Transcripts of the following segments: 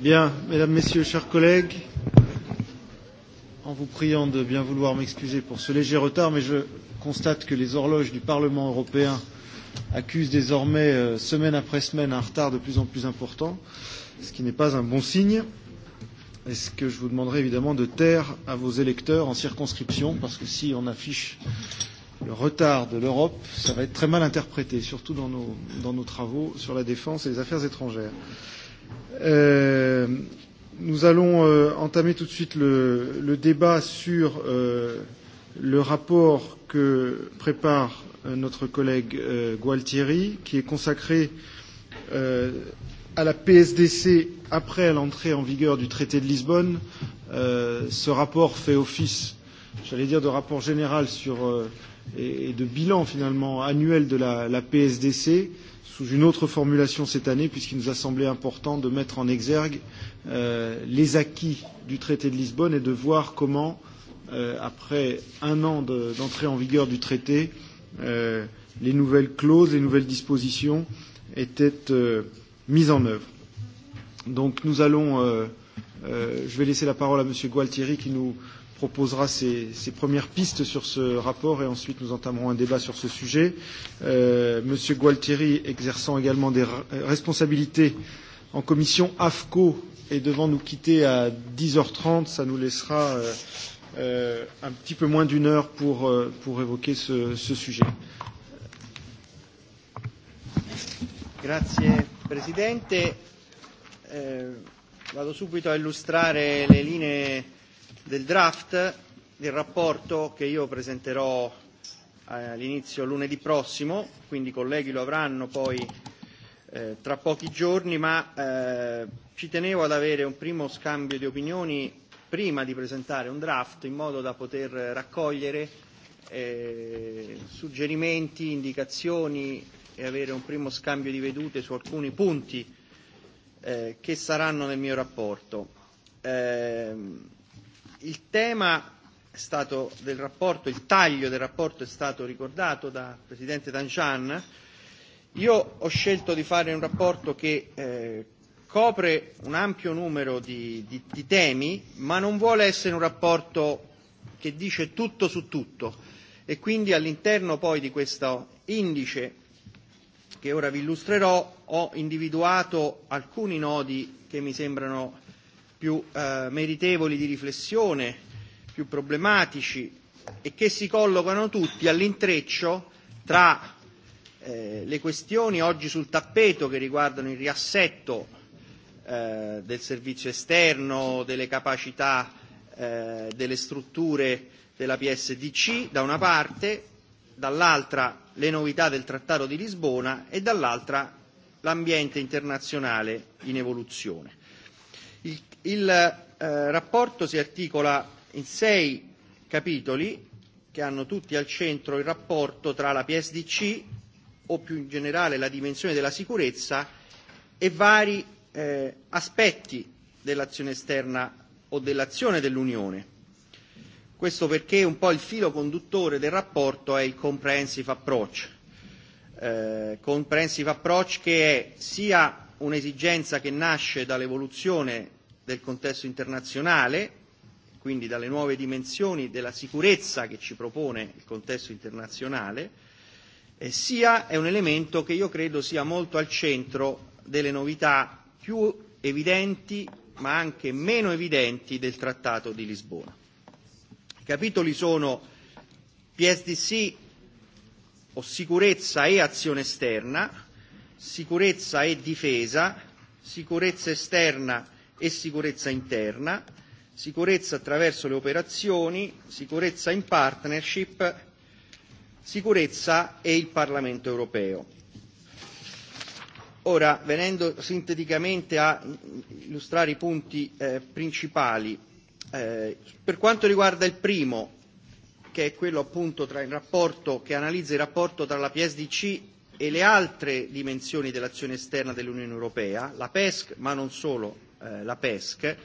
Bien, mesdames, messieurs, chers collègues, en vous priant de bien vouloir m'excuser pour ce léger retard, mais je constate que les horloges du Parlement européen accusent désormais, euh, semaine après semaine, un retard de plus en plus important, ce qui n'est pas un bon signe. Et ce que je vous demanderai évidemment de taire à vos électeurs en circonscription, parce que si on affiche le retard de l'Europe, ça va être très mal interprété, surtout dans nos, dans nos travaux sur la défense et les affaires étrangères. Euh, nous allons euh, entamer tout de suite le, le débat sur euh, le rapport que prépare euh, notre collègue euh, Gualtieri, qui est consacré euh, à la PSDC après l'entrée en vigueur du traité de Lisbonne. Euh, ce rapport fait office, j'allais dire, de rapport général sur, euh, et, et de bilan finalement annuel de la, la PSDC. Euh, sous une autre formulation cette année, puisqu'il nous a semblé important de mettre en exergue euh, les acquis du traité de Lisbonne et de voir comment, euh, après un an d'entrée de, en vigueur du traité, euh, les nouvelles clauses, les nouvelles dispositions étaient euh, mises en œuvre. Donc nous allons, euh, euh, je vais laisser la parole à M. Gualtieri qui nous euh, proposera ses, ses premières pistes sur ce rapport et ensuite nous entamerons un débat sur ce sujet. Euh, Monsieur Gualtieri, exerçant également des responsabilités en commission AFCO, et devant nous quitter à 10h30. Ça nous laissera euh, euh, un petit peu moins d'une heure pour, euh, pour évoquer ce, ce sujet. Grazie Presidente. Eh, vado subito a illustrare le linee del draft del rapporto che io presenterò eh, all'inizio lunedì prossimo, quindi i colleghi lo avranno poi eh, tra pochi giorni, ma eh, ci tenevo ad avere un primo scambio di opinioni prima di presentare un draft in modo da poter raccogliere eh, suggerimenti, indicazioni e avere un primo scambio di vedute su alcuni punti eh, che saranno nel mio rapporto. Eh, Il tema è stato del rapporto, il taglio del rapporto è stato ricordato dal Presidente Danjan. Io ho scelto di fare un rapporto che eh, copre un ampio numero di, di, di temi, ma non vuole essere un rapporto che dice tutto su tutto e quindi all'interno poi di questo indice che ora vi illustrerò ho individuato alcuni nodi che mi sembrano più eh, meritevoli di riflessione, più problematici e che si collocano tutti all'intreccio tra eh, le questioni oggi sul tappeto che riguardano il riassetto eh, del servizio esterno, delle capacità eh, delle strutture della PSDC da una parte, dall'altra le novità del Trattato di Lisbona e dall'altra l'ambiente internazionale in evoluzione. Il Il eh, rapporto si articola in sei capitoli che hanno tutti al centro il rapporto tra la PSDC o più in generale la dimensione della sicurezza e vari eh, aspetti dell'azione esterna o dell'azione dell'Unione. Questo perché un po' il filo conduttore del rapporto è il comprehensive approach. Eh, comprehensive approach che è sia un'esigenza che nasce dall'evoluzione del contesto internazionale, quindi dalle nuove dimensioni della sicurezza che ci propone il contesto internazionale, eh, sia è un elemento che io credo sia molto al centro delle novità più evidenti ma anche meno evidenti del Trattato di Lisbona. I capitoli sono PSDC o sicurezza e azione esterna, sicurezza e difesa, sicurezza esterna e sicurezza interna, sicurezza attraverso le operazioni, sicurezza in partnership, sicurezza e il Parlamento europeo. Ora, venendo sinteticamente a illustrare i punti eh, principali, eh, per quanto riguarda il primo, che è quello appunto tra il rapporto, che analizza il rapporto tra la PSDC e le altre dimensioni dell'azione esterna dell'Unione Europea, la PESC, ma non solo, eh, la PESC.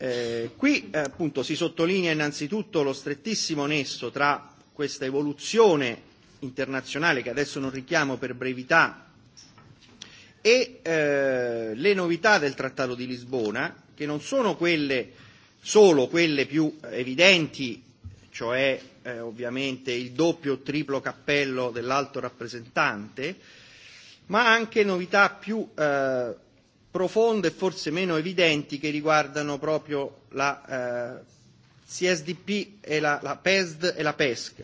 Eh, qui eh, appunto si sottolinea innanzitutto lo strettissimo nesso tra questa evoluzione internazionale che adesso non richiamo per brevità e eh, le novità del Trattato di Lisbona, che non sono quelle, solo quelle più evidenti, cioè eh, ovviamente il doppio o triplo cappello dell'alto rappresentante, ma anche novità più eh, profonde e forse meno evidenti che riguardano proprio la eh, CSDP e la, la PESD e la PESC.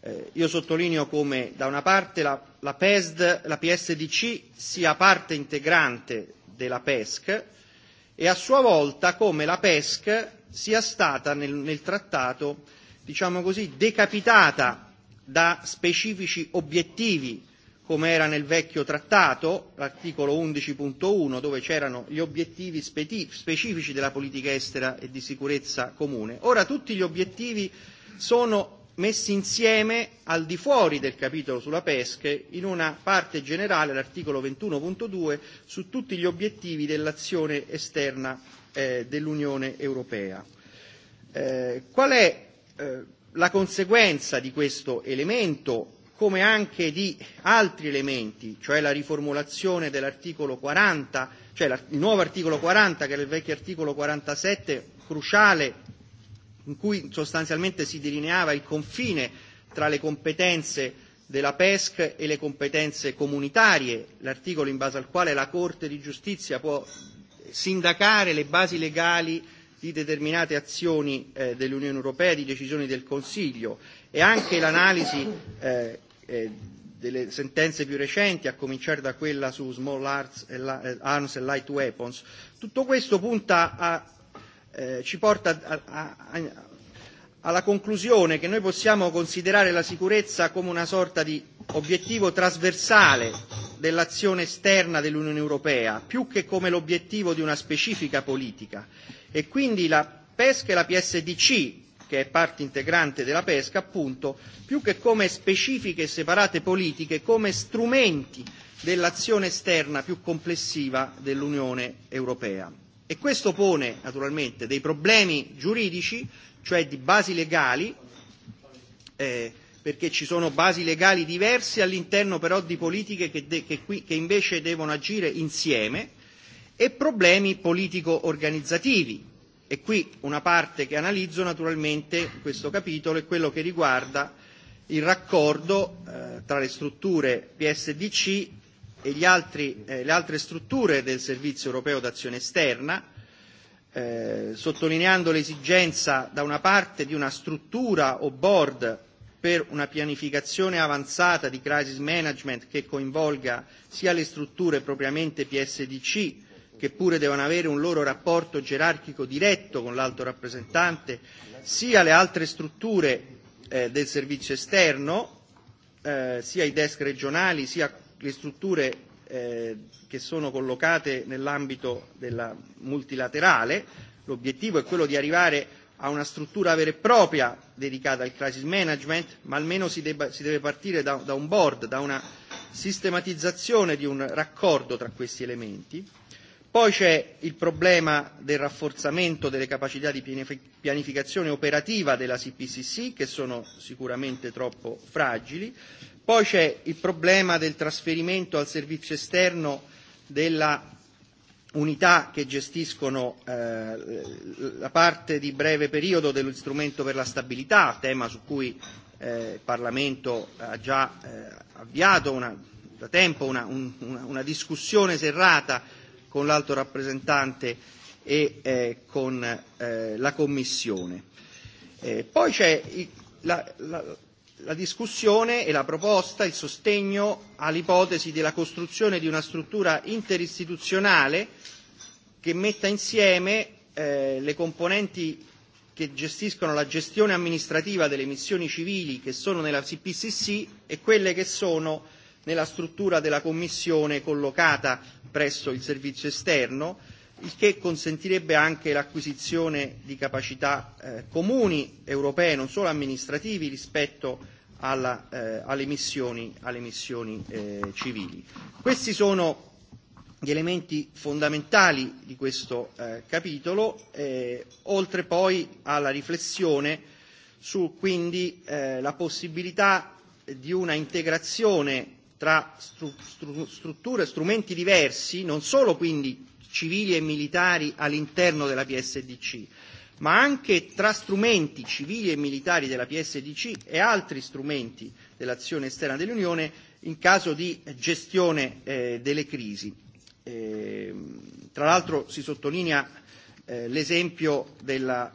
Eh, io sottolineo come da una parte la, la PESD, la PSDC sia parte integrante della PESC e a sua volta come la PESC sia stata nel, nel trattato, diciamo così, decapitata da specifici obiettivi come era nel vecchio trattato, l'articolo 11.1, dove c'erano gli obiettivi specifici della politica estera e di sicurezza comune. Ora tutti gli obiettivi sono messi insieme al di fuori del capitolo sulla pesca in una parte generale, l'articolo 21.2, su tutti gli obiettivi dell'azione esterna eh, dell'Unione Europea. Eh, qual è eh, la conseguenza di questo elemento come anche di altri elementi, cioè la riformulazione dell'articolo 40, cioè il nuovo articolo 40 che era il vecchio articolo 47, cruciale, in cui sostanzialmente si delineava il confine tra le competenze della PESC e le competenze comunitarie, l'articolo in base al quale la Corte di giustizia può sindacare le basi legali di determinate azioni eh, dell'Unione Europea e di decisioni del Consiglio e anche l'analisi eh, Eh, delle sentenze più recenti, a cominciare da quella su Small Arms and, e la, eh, Arms and Light Weapons, tutto questo punta a, eh, ci porta a, a, a, alla conclusione che noi possiamo considerare la sicurezza come una sorta di obiettivo trasversale dell'azione esterna dell'Unione Europea, più che come l'obiettivo di una specifica politica. E quindi la PESC e la PSDC che è parte integrante della pesca, appunto, più che come specifiche e separate politiche, come strumenti dell'azione esterna più complessiva dell'Unione europea. E questo pone naturalmente dei problemi giuridici, cioè di basi legali, eh, perché ci sono basi legali diverse all'interno però di politiche che, de- che, qui, che invece devono agire insieme, e problemi politico-organizzativi, E qui una parte che analizzo naturalmente in questo capitolo è quello che riguarda il raccordo eh, tra le strutture PSDC e gli altri, eh, le altre strutture del Servizio europeo d'azione esterna, eh, sottolineando l'esigenza da una parte di una struttura o board per una pianificazione avanzata di crisis management che coinvolga sia le strutture propriamente PSDC eh, che pure devono avere un loro rapporto gerarchico diretto con l'alto rappresentante, sia le altre strutture eh, del servizio esterno, eh, sia i desk regionali, sia le strutture eh, che sono collocate nell'ambito della multilaterale. L'obiettivo è quello di arrivare a una struttura vera e propria dedicata al crisis management, ma almeno si, debba, si deve partire da, da un board, da una sistematizzazione di un raccordo tra questi elementi Poi c'è il problema del rafforzamento delle capacità di pianificazione operativa della CPCC, che sono sicuramente troppo fragili. Poi c'è il problema del trasferimento al servizio esterno della unità che gestiscono eh, la parte di breve periodo dello strumento per la stabilità, tema su cui eh, il Parlamento ha già eh, avviato una, da tempo una, un, una, una discussione serrata con l'alto rappresentante e eh, con eh, la Commissione. Eh, poi c'è i, la, la, la discussione e la proposta, il sostegno all'ipotesi della costruzione di una struttura interistituzionale che metta insieme eh, le componenti che gestiscono la gestione amministrativa delle missioni civili che sono nella CPCC e quelle che sono eh, nella struttura della Commissione collocata presso il servizio esterno, il che consentirebbe anche l'acquisizione di capacità eh, comuni europee, non solo amministrativi, rispetto alla, eh, alle missioni, alle missioni eh, civili. Questi sono gli elementi fondamentali di questo eh, capitolo, eh, oltre poi alla riflessione su quindi eh, la possibilità di una integrazione tra stru- stru- strutture e strumenti diversi, non solo quindi civili e militari all'interno della PSDC, ma anche tra strumenti civili e militari della PSDC e altri strumenti dell'azione esterna dell'Unione in caso di gestione eh, delle crisi. Eh, tra l'altro si sottolinea eh, l'esempio della,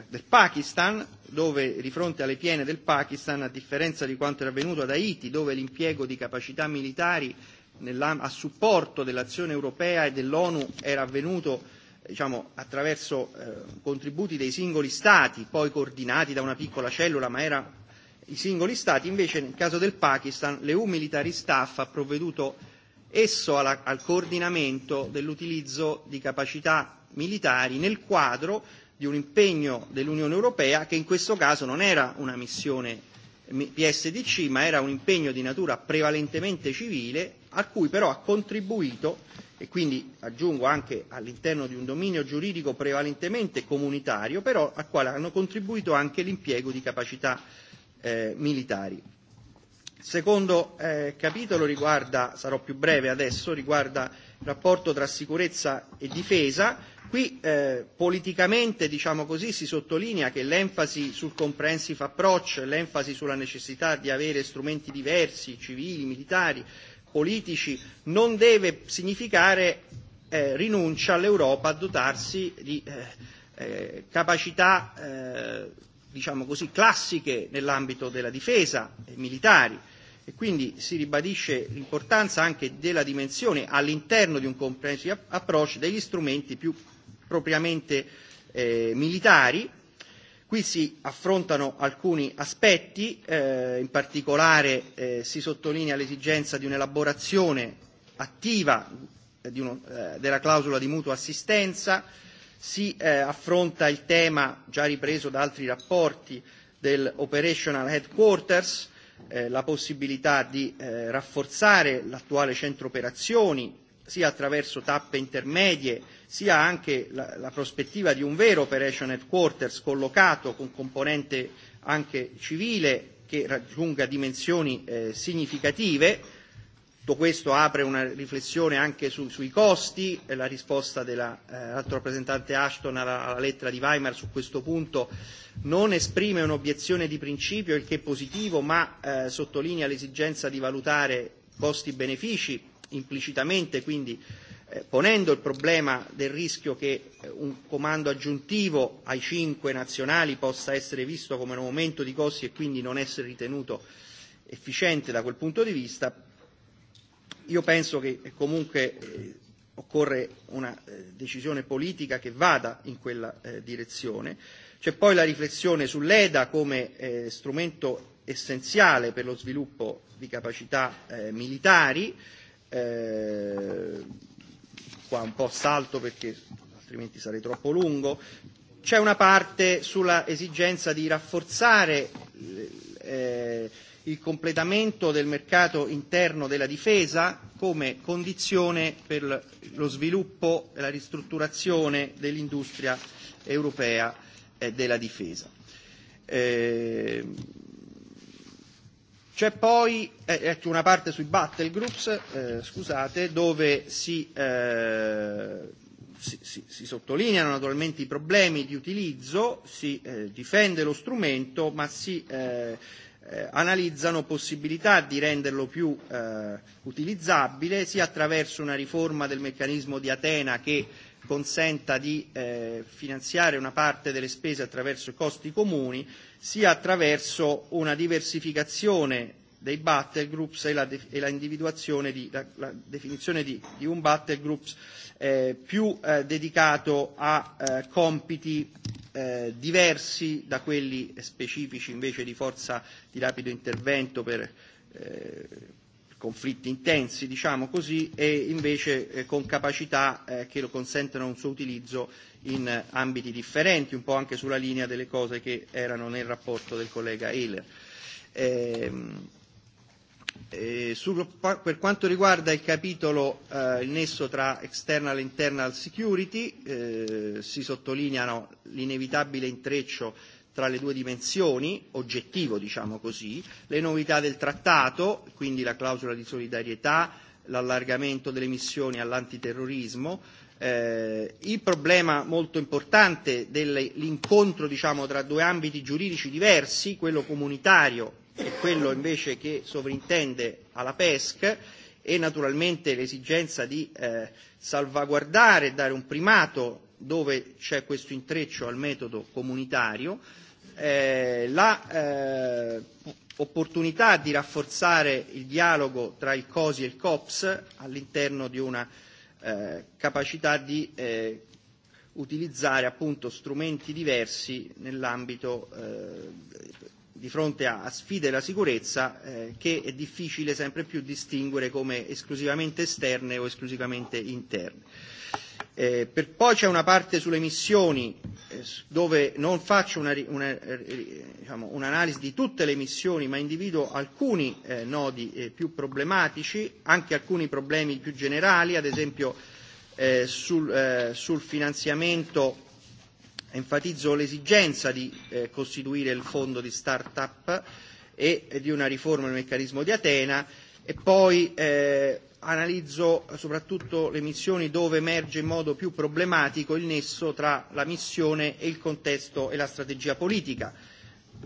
eh, del Pakistan, dove di fronte alle piene del Pakistan, a differenza di quanto era avvenuto ad Haiti, dove l'impiego di capacità militari a supporto dell'azione europea e dell'ONU era avvenuto eh, diciamo, attraverso eh, contributi dei singoli Stati, poi coordinati da una piccola cellula, ma era i singoli Stati, invece nel caso del Pakistan l'EU Military Staff ha provveduto esso alla, al coordinamento dell'utilizzo di capacità militari nel quadro di un impegno dell'Unione Europea che in questo caso non era una missione eh, PSDC ma era un impegno di natura prevalentemente civile a cui però ha contribuito e quindi aggiungo anche all'interno di un dominio giuridico prevalentemente comunitario però al quale hanno contribuito anche l'impiego di capacità eh, militari. Il secondo eh, capitolo riguarda, sarò più breve adesso, riguarda il rapporto tra sicurezza e difesa Qui eh, politicamente diciamo così, si sottolinea che l'enfasi sul comprehensive approach, l'enfasi sulla necessità di avere strumenti diversi, civili, militari, politici, non deve significare eh, rinuncia all'Europa a dotarsi di eh, eh, capacità eh, diciamo così, classiche nell'ambito della difesa e militari e quindi si ribadisce l'importanza anche della dimensione all'interno di un comprehensive approach degli strumenti più propriamente eh, militari. Qui si affrontano alcuni aspetti, eh, in particolare eh, si sottolinea l'esigenza di un'elaborazione attiva eh, di uno, eh, della clausola di mutua assistenza, si eh, affronta il tema già ripreso da altri rapporti del Operational Headquarters, eh, la possibilità di eh, rafforzare l'attuale centro operazioni sia attraverso tappe intermedie sia anche la, la prospettiva di un vero operation headquarters collocato con componente anche civile che raggiunga dimensioni eh, significative. Tutto questo apre una riflessione anche su, sui costi, eh, la risposta dell'alto eh, rappresentante Ashton alla, alla lettera di Weimar su questo punto non esprime un'obiezione di principio, il che è positivo, ma eh, sottolinea l'esigenza di valutare costi-benefici implicitamente, quindi eh, Eh, ponendo il problema del rischio che eh, un comando aggiuntivo ai cinque nazionali possa essere visto come un aumento di costi e quindi non essere ritenuto efficiente da quel punto di vista, io penso che eh, comunque occorre una decisione politica che vada in quella direzione. C'è poi la riflessione sull'EDA come strumento essenziale per lo sviluppo di capacità militari. Eh, qua un po' salto perché altrimenti sarei troppo lungo, c'è una parte sulla esigenza di rafforzare eh, il completamento del mercato interno della difesa come condizione per lo sviluppo e la ristrutturazione dell'industria europea eh, della difesa. Eh, C'è poi eh, una parte sui battlegroups, eh, scusate, dove si, eh, si, si, si sottolineano naturalmente i problemi di utilizzo, si eh, difende lo strumento, ma si eh, eh, analizzano possibilità di renderlo più eh, utilizzabile sia attraverso una riforma del meccanismo di Atena che eh, consenta di eh, finanziare una parte delle spese attraverso i costi comuni, sia attraverso una diversificazione dei battle groups e la, e la individuazione di, la, la definizione di, di un battle groups eh, più eh, dedicato a eh, compiti eh, diversi da quelli specifici invece di forza di rapido intervento per eh, conflitti intensi, diciamo così, e invece eh, con capacità eh, che lo consentano un suo utilizzo in eh, ambiti differenti, un po' anche sulla linea delle cose che erano nel rapporto del collega Ehler. Ehm, eh, eh, su, per quanto riguarda il capitolo, eh, il nesso tra external e internal security, eh, si sottolineano l'inevitabile intreccio tra le due dimensioni, oggettivo diciamo così, le novità del trattato, quindi la clausola di solidarietà, l'allargamento delle missioni all'antiterrorismo, eh, il problema molto importante dell'incontro diciamo, tra due ambiti giuridici diversi, quello comunitario e quello invece che sovrintende alla PESC, e naturalmente l'esigenza di eh, salvaguardare e dare un primato dove c'è questo intreccio al metodo comunitario, eh, la eh, opportunità di rafforzare il dialogo tra il COSI e il COPS all'interno di una eh, capacità di eh, utilizzare appunto strumenti diversi nell'ambito eh, di fronte a, a sfide della sicurezza eh, che è difficile sempre più distinguere come esclusivamente esterne o esclusivamente interne. Eh, per, poi c'è una parte sulle missioni eh, dove non faccio una, una, eh, diciamo, un'analisi di tutte le missioni ma individuo alcuni eh, nodi eh, più problematici, anche alcuni problemi più generali, ad esempio eh, sul, eh, sul finanziamento enfatizzo l'esigenza di eh, costituire il fondo di start-up e, e di una riforma del meccanismo di Atena e poi eh, analizzo eh, soprattutto le missioni dove emerge in modo più problematico il nesso tra la missione e il contesto e la strategia politica.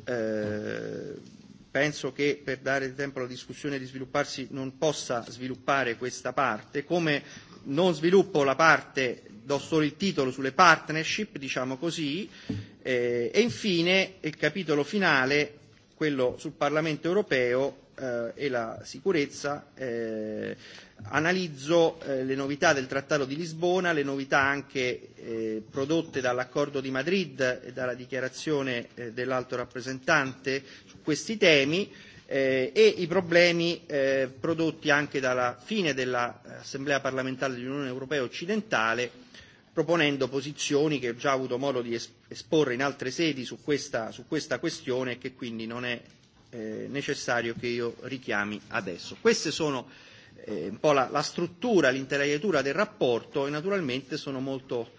Eh, penso che per dare tempo alla discussione di svilupparsi non possa sviluppare questa parte, come non sviluppo la parte, do solo il titolo sulle partnership, diciamo così, eh, e infine il capitolo finale, quello sul Parlamento europeo, eh, e la sicurezza, eh, analizzo eh, le novità del Trattato di Lisbona, le novità anche eh, prodotte dall'accordo di Madrid e dalla dichiarazione eh, dell'alto rappresentante su questi temi eh, e i problemi eh, prodotti anche dalla fine dell'Assemblea parlamentare dell'Unione Europea occidentale, proponendo posizioni che ho già avuto modo di esporre in altre sedi su questa, su questa questione e che quindi non è eh, necessario che io richiami adesso. Queste sono eh, un po' la, la struttura, l'interagliatura del rapporto e naturalmente sono molto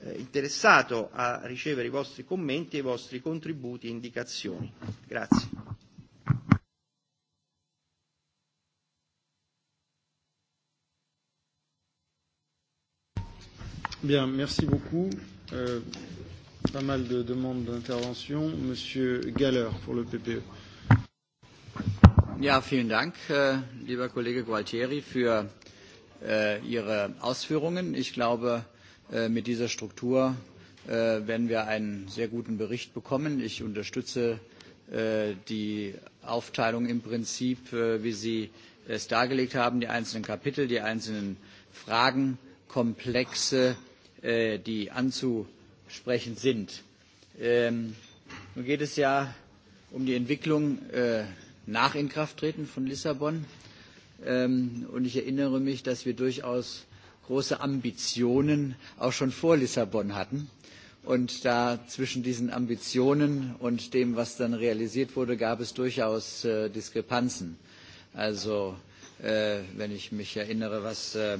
eh, interessato a ricevere i vostri commenti e i vostri contributi e indicazioni. Grazie. Bien, merci beaucoup. Euh, pas mal de demandes d'intervention. Monsieur Galler pour le PPE. Ja, vielen Dank, äh, lieber Kollege Gualtieri, für äh, Ihre Ausführungen. Ich glaube, äh, mit dieser Struktur werden wir einen sehr guten Bericht bekommen. Ich unterstütze die Aufteilung im Prinzip, wie Sie es dargelegt haben, die einzelnen Kapitel, die einzelnen Fragenkomplexe, die anzusprechen sind. Ähm, nun geht es ja um die Entwicklung äh, nach Inkrafttreten von Lissabon. Ähm, und ich erinnere mich, dass wir durchaus große Ambitionen auch schon vor Lissabon hatten. Und da zwischen diesen Ambitionen und dem, was dann realisiert wurde, gab es durchaus äh, Diskrepanzen. Also äh, wenn ich mich erinnere, was äh,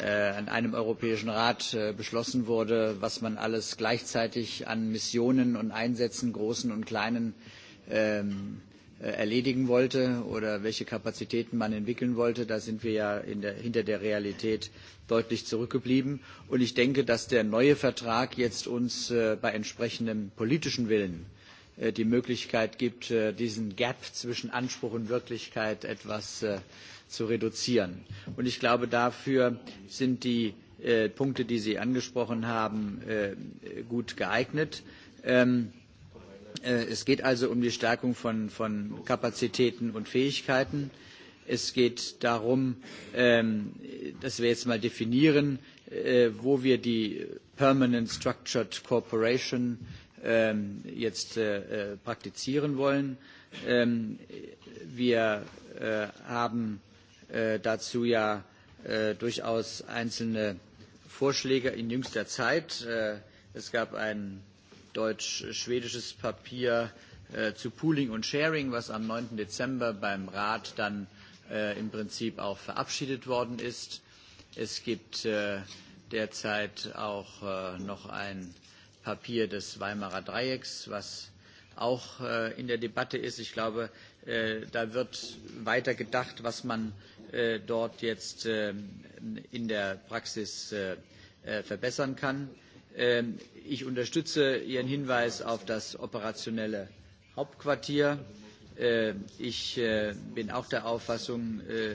äh, an einem Europäischen Rat äh, beschlossen wurde, was man alles gleichzeitig an Missionen und Einsätzen, großen und kleinen, äh, Äh, erledigen wollte oder welche Kapazitäten man entwickeln wollte. Da sind wir ja der, hinter der Realität deutlich zurückgeblieben. Und ich denke, dass der neue Vertrag jetzt uns äh, bei entsprechendem politischen Willen äh, die Möglichkeit gibt, diesen Gap zwischen Anspruch und Wirklichkeit etwas zu reduzieren. Und ich glaube, dafür sind die Punkte, die Sie angesprochen haben, gut geeignet. Ähm, Äh, es geht also um die Stärkung von, von Kapazitäten und Fähigkeiten. Es geht darum, ähm, dass wir jetzt mal definieren, äh, wo wir die Permanent Structured Cooperation ähm, jetzt äh, praktizieren wollen. Ähm, wir haben dazu ja durchaus einzelne Vorschläge in jüngster Zeit. Es gab einen deutsch-schwedisches Papier äh, zu Pooling und Sharing, was am 9. Dezember beim Rat dann äh, im Prinzip auch verabschiedet worden ist. Es gibt äh, derzeit auch äh, noch ein Papier des Weimarer Dreiecks, was auch äh, in der Debatte ist. Ich glaube, äh, da wird weiter gedacht, was man äh, dort jetzt äh, in der Praxis äh, äh, verbessern kann. Ähm, Ich unterstütze Ihren Hinweis auf das operationelle Hauptquartier. Äh, ich äh, bin auch der Auffassung, äh,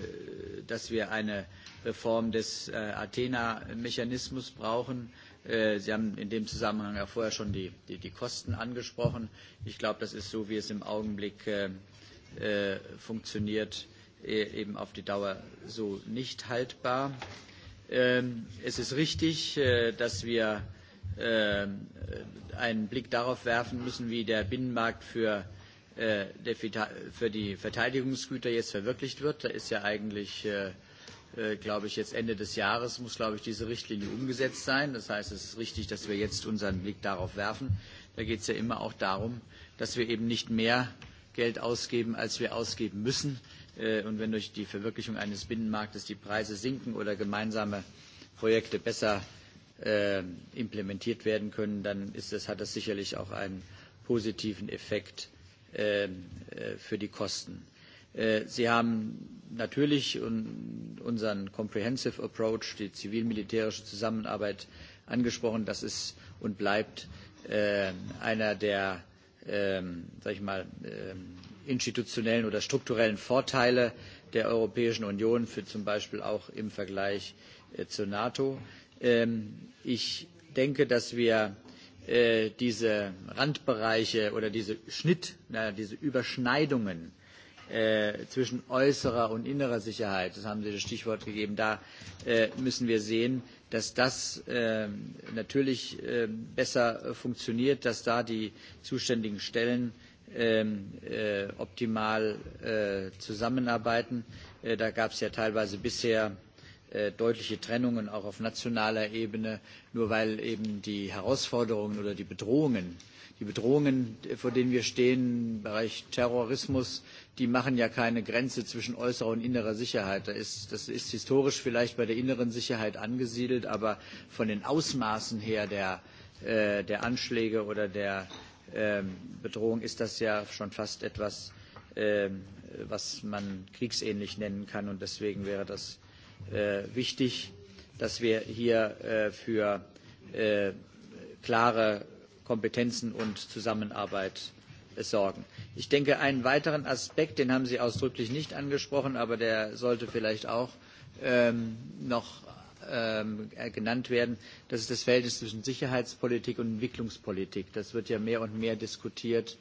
dass wir eine Reform des Athena-Mechanismus brauchen. Sie haben in dem Zusammenhang ja vorher schon die, die, die Kosten angesprochen. Ich glaube, das ist so, wie es im Augenblick funktioniert, eben auf die Dauer so nicht haltbar. Ähm, es ist richtig, dass wir Äh, einen Blick darauf werfen müssen, wie der Binnenmarkt für, äh, für die Verteidigungsgüter jetzt verwirklicht wird. Da ist ja eigentlich, äh, glaube ich, jetzt Ende des Jahres muss, glaube ich, diese Richtlinie umgesetzt sein. Das heißt, es ist richtig, dass wir jetzt unseren Blick darauf werfen. Da geht es ja immer auch darum, dass wir eben nicht mehr Geld ausgeben, als wir ausgeben müssen. Und wenn durch die Verwirklichung eines Binnenmarktes die Preise sinken oder gemeinsame Projekte besser äh, implementiert werden können, dann ist das, hat das sicherlich auch einen positiven Effekt äh, äh für die Kosten. Äh, Sie haben natürlich unseren Comprehensive Approach, die zivil-militärische Zusammenarbeit angesprochen. Das ist und bleibt äh, einer der ähm, sag ich mal, ähm, institutionellen oder strukturellen Vorteile der Europäischen Union, für zum Beispiel auch im Vergleich äh, zur NATO. Ähm, ich denke, dass wir äh, diese Randbereiche oder diese Schnitt, diese Überschneidungen äh, zwischen äußerer und innerer Sicherheit, das haben Sie das Stichwort gegeben, da äh, müssen wir sehen, dass das ähm, natürlich ähm, besser funktioniert, dass da die zuständigen Stellen optimal zusammenarbeiten. Da gab es ja teilweise bisher Äh, deutliche Trennungen auch auf nationaler Ebene, nur weil eben die Herausforderungen oder die Bedrohungen, die Bedrohungen, vor denen wir stehen im Bereich Terrorismus, die machen ja keine Grenze zwischen äußerer und innerer Sicherheit. Das ist, das ist historisch vielleicht bei der inneren Sicherheit angesiedelt, aber von den Ausmaßen her der, äh, der Anschläge oder der äh, Bedrohung ist das ja schon fast etwas, äh, was man kriegsähnlich nennen kann. Und deswegen wäre das Äh, wichtig, dass wir hier äh, für äh, klare Kompetenzen und Zusammenarbeit äh, sorgen. Ich denke, einen weiteren Aspekt, den haben Sie ausdrücklich nicht angesprochen, aber der sollte vielleicht auch ähm, noch ähm, genannt werden, das ist das Verhältnis zwischen Sicherheitspolitik und Entwicklungspolitik. Das wird ja mehr und mehr diskutiert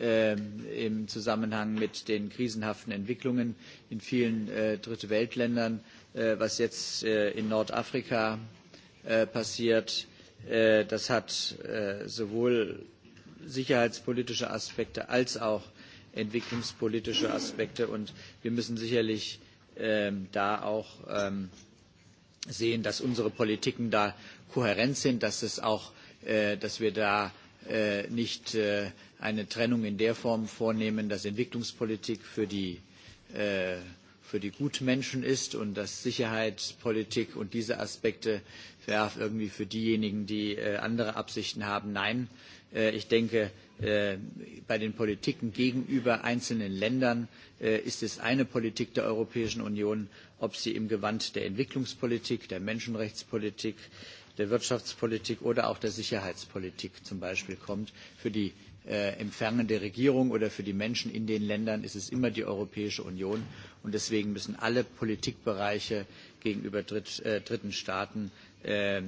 ähm, im Zusammenhang mit den krisenhaften Entwicklungen in vielen äh, Dritte Weltländern. Äh, was jetzt äh, in Nordafrika äh, passiert, das hat sowohl sicherheitspolitische Aspekte als auch entwicklungspolitische Aspekte. Und wir müssen sicherlich ähm, da auch ähm, sehen, dass unsere Politiken da kohärent sind, dass, es auch, dass wir da nicht eine Trennung in der Form vornehmen, dass Entwicklungspolitik für die für die Gutmenschen ist und dass Sicherheit, Politik und diese Aspekte werf irgendwie für diejenigen, die äh, andere Absichten haben. Nein, äh, ich denke, äh, bei den Politiken gegenüber einzelnen Ländern äh, ist es eine Politik der Europäischen Union, ob sie im Gewand der Entwicklungspolitik, der Menschenrechtspolitik, der Wirtschaftspolitik oder auch der Sicherheitspolitik zum Beispiel kommt. Für die äh, empfangende Regierung oder für die Menschen in den Ländern ist es immer die Europäische Union. Und deswegen müssen alle Politikbereiche gegenüber Dritt, äh, dritten Staaten äh, äh,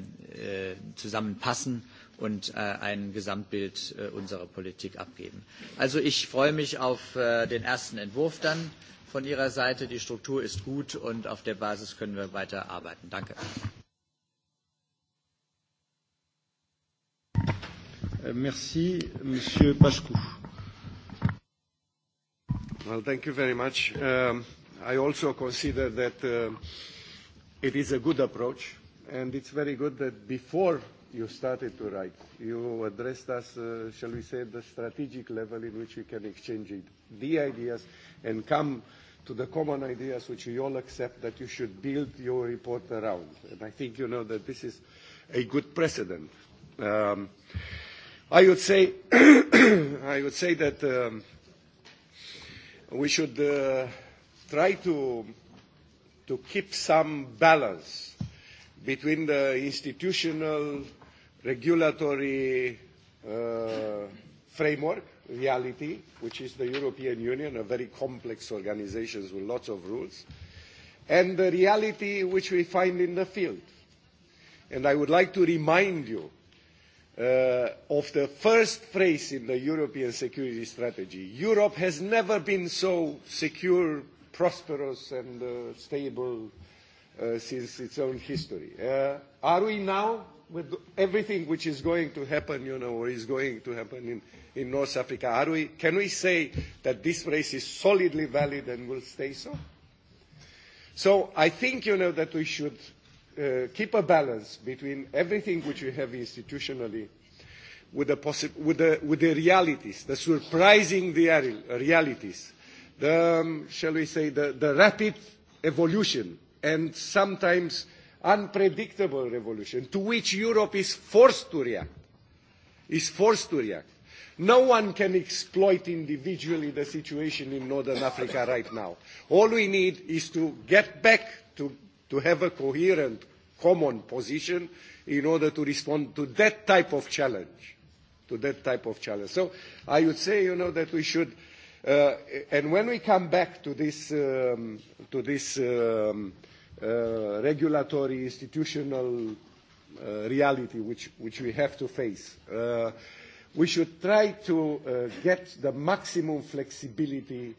zusammenpassen und äh, ein Gesamtbild äh, unserer Politik abgeben. Also ich freue mich auf äh, den ersten Entwurf dann von Ihrer Seite. Die Struktur ist gut und auf der Basis können wir weiter arbeiten. Danke. Merci, Monsieur Pascu. Well, thank you very much. Um, I also consider that uh, it is a good approach, and it's very good that before you started to write, you addressed us, uh, shall we say, the strategic level in which we can exchange it, the ideas, and come to the common ideas which we all accept that you should build your report around. And I think you know that this is a good precedent. Um, I would say, I would say that um, we should uh, try to, to keep some balance between the institutional, regulatory uh, framework, reality, which is the European Union, a very complex organization with lots of rules, and the reality which we find in the field. And I would like to remind you uh, of the first phrase in the European security strategy. Europe has never been so secure, prosperous and uh, stable uh, since its own history. Uh, are we now, with everything which is going to happen, you know, or is going to happen in, in North Africa, are we, can we say that this phrase is solidly valid and will stay so? So I think, you know, that we should Uh, keep a balance between everything which we have institutionally with the, possi- with the, with the realities, the surprising realities, the, um, shall we say, the, the rapid evolution and sometimes unpredictable revolution to which Europe is forced to react, is forced to react. No one can exploit individually the situation in Northern Africa right now. All we need is to get back to to have a coherent common position in order to respond to that type of challenge, to that type of challenge. So I would say, you know, that we should, uh, and when we come back to this, um, to this um, uh, regulatory institutional uh, reality which, which we have to face, uh, we should try to uh, get the maximum flexibility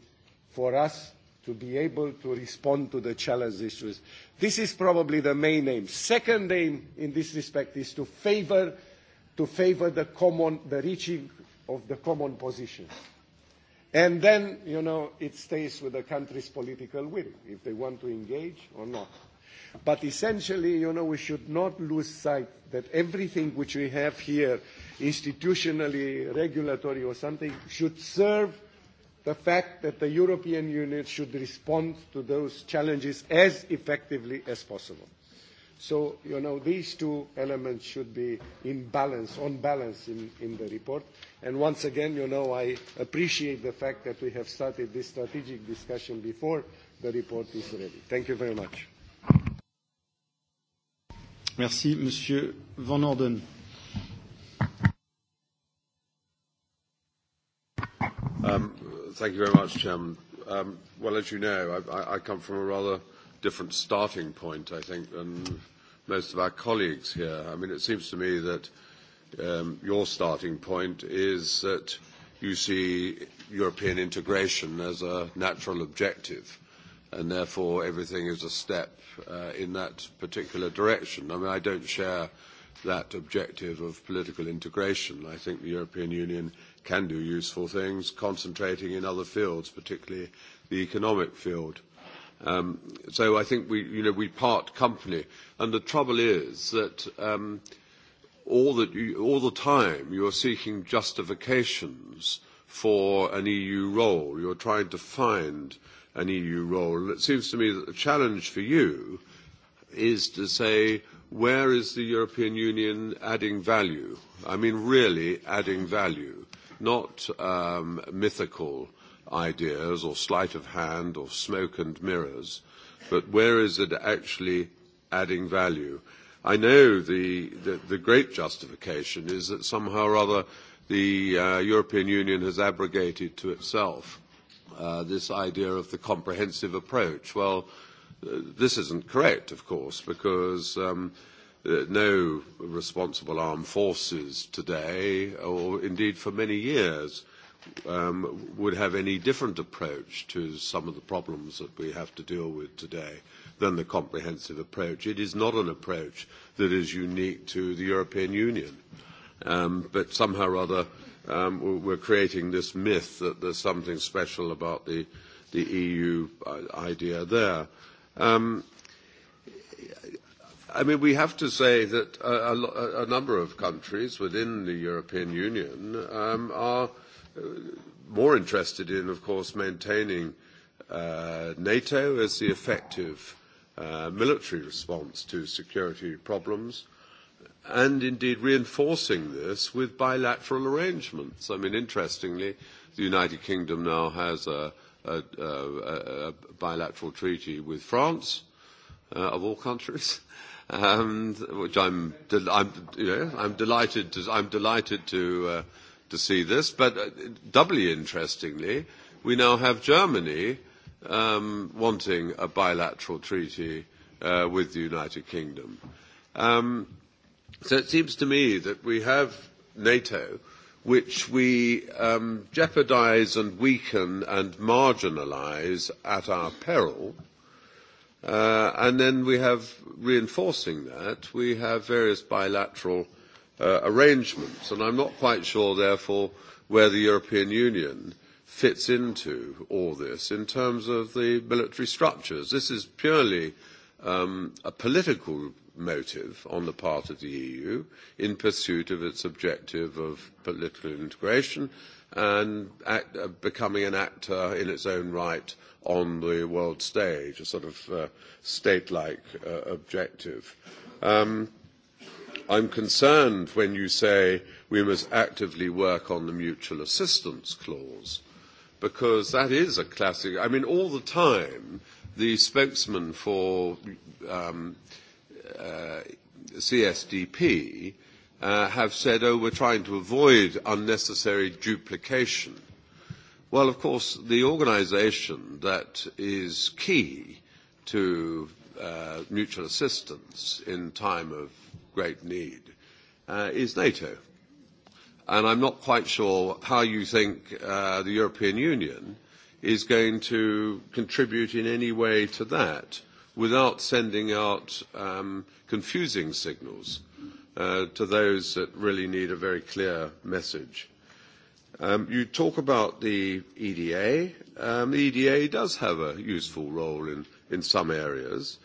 for us to be able to respond to the challenge issues. This is probably the main aim. Second aim in this respect is to favour to favor the common, the reaching of the common position. And then, you know, it stays with the country's political will, if they want to engage or not. But essentially, you know, we should not lose sight that everything which we have here, institutionally, regulatory or something, should serve the fact that the European Union should respond to those challenges as effectively as possible. So, you know, these two elements should be in balance, on balance in, in the report. And once again, you know, I appreciate the fact that we have started this strategic discussion before the report is ready. Thank you very much. Merci, Monsieur Van Orden. Thank you very much, Chairman. Um, well, as you know, I, come from a rather different starting point, I think, than most of our colleagues here. I mean, it seems to me that um, your starting point is that you see European integration as a natural objective, and therefore everything is a step uh, in that particular direction. I mean, I don't share that objective of political integration. I think the European Union can do useful things, concentrating in other fields, particularly the economic field. Um, so I think we, you know, we part company. And the trouble is that um, all, that you, all the time you are seeking justifications for an EU role. You're trying to find an EU role. And it seems to me that the challenge for you is to say, where is the European Union adding value? I mean, really adding value not um, mythical ideas or sleight of hand or smoke and mirrors, but where is it actually adding value? I know the, the, the great justification is that somehow or other the uh, European Union has abrogated to itself uh, this idea of the comprehensive approach. Well, uh, this isn't correct, of course, because um, uh, Uh, no responsible armed forces today, or indeed for many years, um, would have any different approach to some of the problems that we have to deal with today than the comprehensive approach. It is not an approach that is unique to the European Union. Um, but somehow or other, um, we're creating this myth that there's something special about the, the EU uh, idea there. Um, I mean, we have to say that a, a, a number of countries within the European Union um, are uh, more interested in, of course, maintaining uh, NATO as the effective uh, military response to security problems and indeed reinforcing this with bilateral arrangements. I mean, interestingly, the United Kingdom now has a, a, a, a bilateral treaty with France, uh, of all countries. um, which I'm, de- I'm, you know, I'm delighted to, I'm delighted to, uh, to see this. But uh, doubly interestingly, we now have Germany um, wanting a bilateral treaty uh, with the United Kingdom. Um, so it seems to me that we have NATO, which we um, jeopardize and weaken and marginalize at our peril – Uh, and then we have, reinforcing that, we have various bilateral uh, arrangements. And I'm not quite sure, therefore, where the European Union fits into all this in terms of the military structures. This is purely um, a political motive on the part of the EU in pursuit of its objective of political integration and act, uh, becoming an actor in its own right on the world stage, a sort of uh, state-like uh, objective. Um, I'm concerned when you say we must actively work on the mutual assistance clause, because that is a classic. I mean, all the time, the spokesman for um, uh, CSDP uh, have said, oh, we're trying to avoid unnecessary duplication. Well, of course, the organisation that is key to uh, mutual assistance in time of great need uh, is NATO. And I'm not quite sure how you think uh, the European Union is going to contribute in any way to that without sending out um, confusing signals uh, to those that really need a very clear message. Um, you talk about the EDA. Um, the EDA does have a useful role in, in some areas,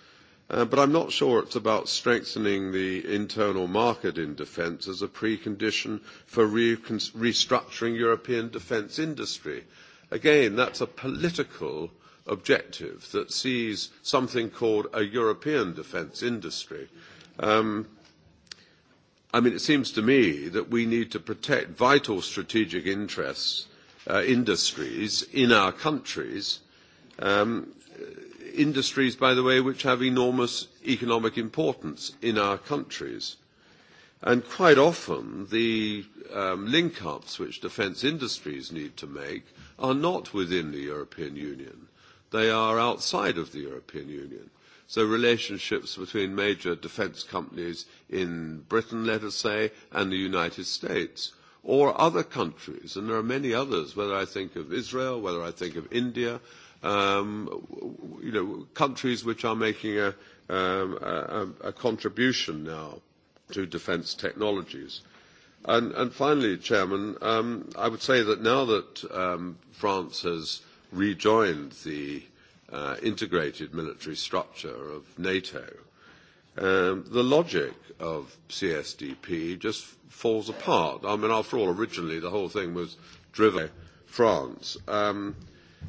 uh, but I'm not sure it's about strengthening the internal market in defence as a precondition for re- restructuring European defence industry. Again, that's a political objective that sees something called a European defence industry. Um, I mean, it seems to me that we need to protect vital strategic interests, uh, industries in our countries, um, industries, by the way, which have enormous economic importance in our countries. And quite often, the um, link-ups which defence industries need to make are not within the European Union. They are outside of the European Union. So relationships between major defence companies in Britain, let us say, and the United States, or other countries, and there are many others, whether I think of Israel, whether I think of India, um, you know, countries which are making a, um, a, a contribution now to defence technologies. And, and finally, Chairman, um, I would say that now that um, France has rejoined the uh, integrated military structure of NATO, um, the logic of CSDP just falls apart. I mean, after all, originally the whole thing was driven by France. Um,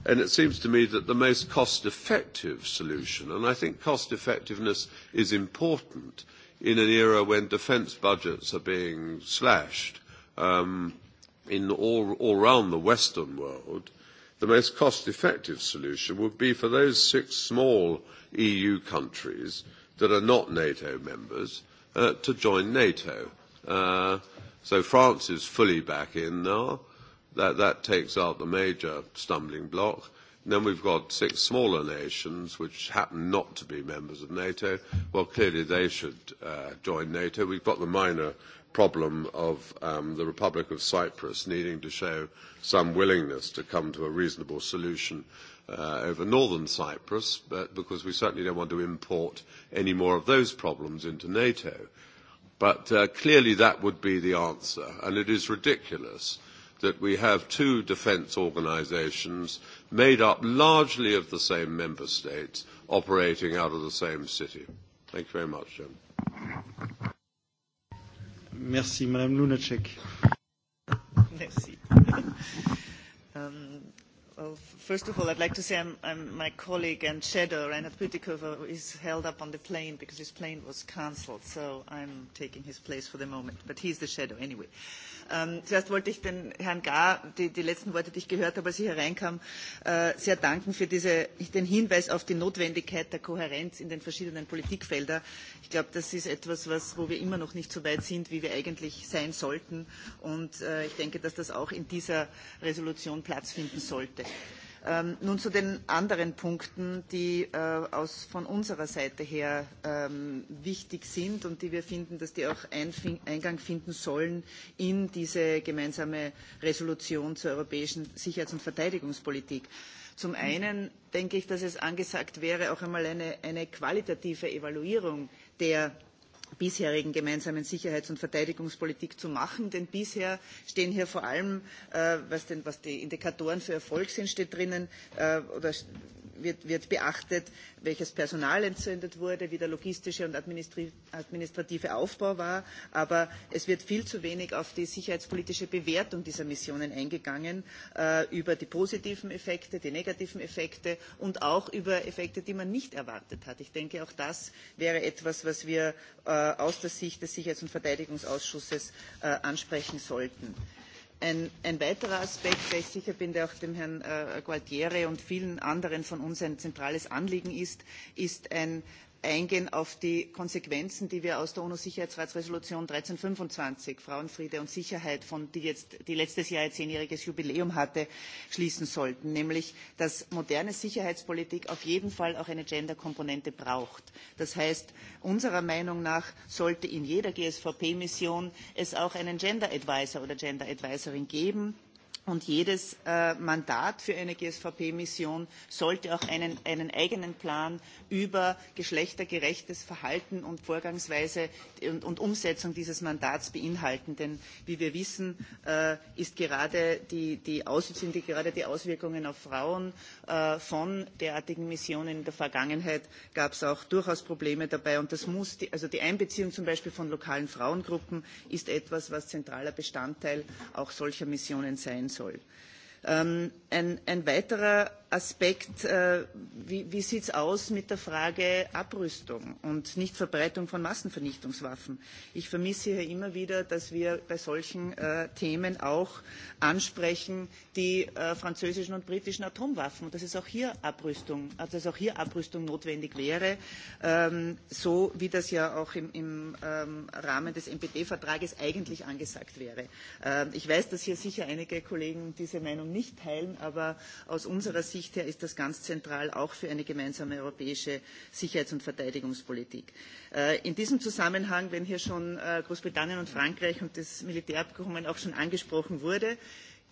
and it seems to me that the most cost-effective solution, and I think cost-effectiveness is important in an era when defence budgets are being slashed um, in all, all around the Western world, uh, the most cost effective solution would be for those six small EU countries that are not NATO members uh, to join NATO. Uh, so France is fully back in now. That, that takes out the major stumbling block. And then we've got six smaller nations which happen not to be members of NATO. Well, clearly they should uh, join NATO. We've got the minor problem of um, the Republic of Cyprus needing to show some willingness to come to a reasonable solution uh, over northern Cyprus, but because we certainly don't want to import any more of those problems into NATO. But uh, clearly that would be the answer, and it is ridiculous that we have two defence organisations made up largely of the same member states operating out of the same city. Thank you very much, Jim. Merci, Madame Lunacek. Merci. um, well, first of all, I'd like to say I'm, I'm my colleague and shadow, Reinhard Pütikofer, is held up on the plane because his plane was cancelled, so I'm taking his place for the moment, but he's the shadow anyway. Uh, Ähm, zuerst wollte ich den Herrn Gar, die, die letzten Worte, die ich gehört habe, als ich hereinkam, äh, sehr danken für diese, den Hinweis auf die Notwendigkeit der Kohärenz in den verschiedenen Politikfeldern. Ich glaube, das ist etwas, was, wo wir immer noch nicht so weit sind, wie wir eigentlich sein sollten. Und äh, ich denke, dass das auch in dieser Resolution Platz finden sollte. Ähm, nun zu den anderen Punkten, die äh, aus, von unserer Seite her ähm, wichtig sind und die wir finden, dass die auch Eingang finden sollen in diese gemeinsame Resolution zur europäischen Sicherheits- und Verteidigungspolitik. Zum einen denke ich, dass es angesagt wäre, auch einmal eine, eine qualitative Evaluierung der bisherigen gemeinsamen Sicherheits- und Verteidigungspolitik zu machen. Denn bisher stehen hier vor allem, äh, was, denn, was die Indikatoren für Erfolg sind, steht drinnen, äh, oder wird, wird beachtet, welches Personal entzündet wurde, wie der logistische und administrative Aufbau war. Aber es wird viel zu wenig auf die sicherheitspolitische Bewertung dieser Missionen eingegangen, äh, über die positiven Effekte, die negativen Effekte und auch über Effekte, die man nicht erwartet hat. Ich denke, auch das wäre etwas, was wir äh, aus der Sicht des Sicherheits- und Verteidigungsausschusses äh, ansprechen sollten. Ein, weiterer Aspekt, der ich sicher bin, der auch dem Herrn äh, Gualtieri und vielen anderen von uns ein zentrales Anliegen ist, ist ein eingehen auf die konsequenzen die wir aus der uno sicherheitsratsresolution eintausenddreihundertfünfundzwanzig frauen frauenfriede und sicherheit die, letztes jahr ihr zehnjähriges jubiläum hatte schließen sollten nämlich dass moderne sicherheitspolitik auf jeden fall auch eine gender komponente braucht. das heißt unserer meinung nach sollte es in jeder gsvp mission auch einen gender adviser oder gender advisorin geben Und jedes äh, Mandat für eine GSVP-Mission sollte auch einen, einen eigenen Plan über geschlechtergerechtes Verhalten und Vorgangsweise und, und Umsetzung dieses Mandats beinhalten. Denn wie wir wissen, äh, ist gerade die, die Aus sind die, gerade die Auswirkungen auf Frauen äh, von derartigen Missionen in der Vergangenheit gab es auch durchaus Probleme dabei. Und das muss die, also die Einbeziehung zum Beispiel von lokalen Frauengruppen ist etwas, was zentraler Bestandteil auch solcher Missionen sein soll. Ähm, ein, ein weiterer Aspekt, äh, wie, wie sieht es aus mit der Frage Abrüstung und Nichtverbreitung von Massenvernichtungswaffen? Ich vermisse hier immer wieder, dass wir bei solchen äh, Themen auch ansprechen die äh, französischen und britischen Atomwaffen dass es auch hier Abrüstung, also dass auch hier Abrüstung notwendig wäre, ähm, so wie das ja auch im, im ähm, Rahmen des NPT-Vertrages eigentlich angesagt wäre. Äh, ich weiß, dass hier sicher einige Kollegen diese Meinung nicht teilen, aber aus unserer Sicht her ist das ganz zentral auch für eine gemeinsame europäische Sicherheits- und Verteidigungspolitik. Äh, in diesem Zusammenhang, wenn hier schon äh, Großbritannien und Frankreich und das Militärabkommen auch schon angesprochen wurde,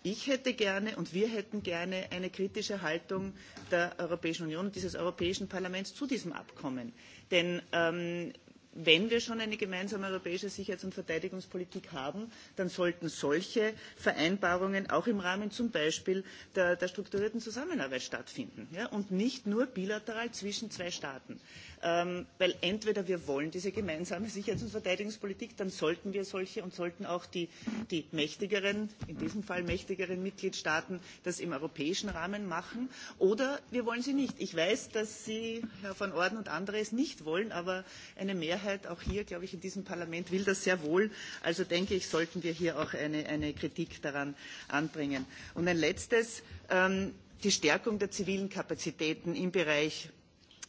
ich hätte gerne und wir hätten gerne eine kritische Haltung der Europäischen Union und dieses Europäischen Parlaments zu diesem Abkommen. Denn ähm, wenn wir schon eine gemeinsame europäische Sicherheits- und Verteidigungspolitik haben, dann sollten solche Vereinbarungen auch im Rahmen zum Beispiel der, der strukturierten Zusammenarbeit stattfinden ja, und nicht nur bilateral zwischen zwei Staaten. Ähm, weil entweder wir wollen diese gemeinsame Sicherheits- und Verteidigungspolitik, dann sollten wir solche und sollten auch die, die mächtigeren, in diesem Fall mächtigeren Mitgliedstaaten das im europäischen Rahmen machen, oder wir wollen sie nicht. Ich weiß, dass Sie, Herr van Orden und andere, es nicht wollen, aber eine Mehrheit auch hier, glaube ich, in diesem Parlament will das sehr wohl. Also denke ich, sollten wir hier auch eine, eine Kritik daran anbringen. Und ein letztes, ähm, die Stärkung der zivilen Kapazitäten im Bereich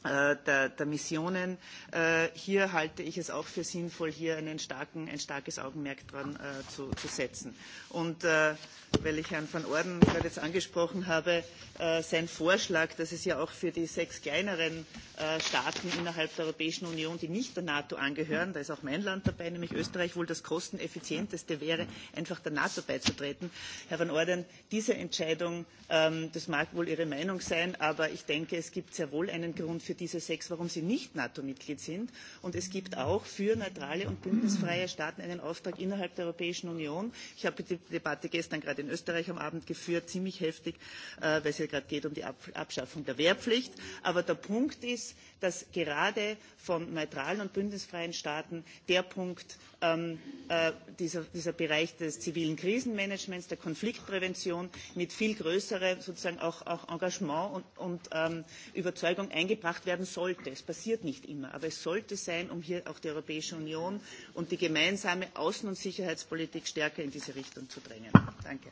Äh, der, der Missionen. Äh, hier halte ich es auch für sinnvoll, hier einen starken, ein starkes Augenmerk dran äh, zu, zu setzen. Und äh, weil ich Herrn van Orden gerade jetzt angesprochen habe, äh, sein Vorschlag, dass es ja auch für die sechs kleineren äh, Staaten innerhalb der Europäischen Union, die nicht der NATO angehören, da ist auch mein Land dabei, nämlich Österreich, wohl das kosteneffizienteste wäre, einfach der NATO beizutreten. Herr van Orden, diese Entscheidung, ähm, das mag wohl Ihre Meinung sein, aber ich denke, es gibt sehr wohl einen Grund für für diese sechs, warum sie nicht NATO-Mitglied sind. Und es gibt auch für neutrale und bündnisfreie Staaten einen Auftrag innerhalb der Europäischen Union. Ich habe die Debatte gestern gerade in Österreich am Abend geführt, ziemlich heftig, äh, weil es ja gerade geht um die Ab Abschaffung der Wehrpflicht. Aber der Punkt ist, dass gerade von neutralen und bündnisfreien Staaten der Punkt ähm, äh, dieser, dieser Bereich des zivilen Krisenmanagements, der Konfliktprävention mit viel größerem sozusagen auch, auch Engagement und, und ähm, Überzeugung eingebracht gemacht werden sollte. Es passiert nicht immer, aber es sollte sein, um hier auch die Europäische Union und die gemeinsame Außen- und Sicherheitspolitik stärker in diese Richtung zu drängen. Danke.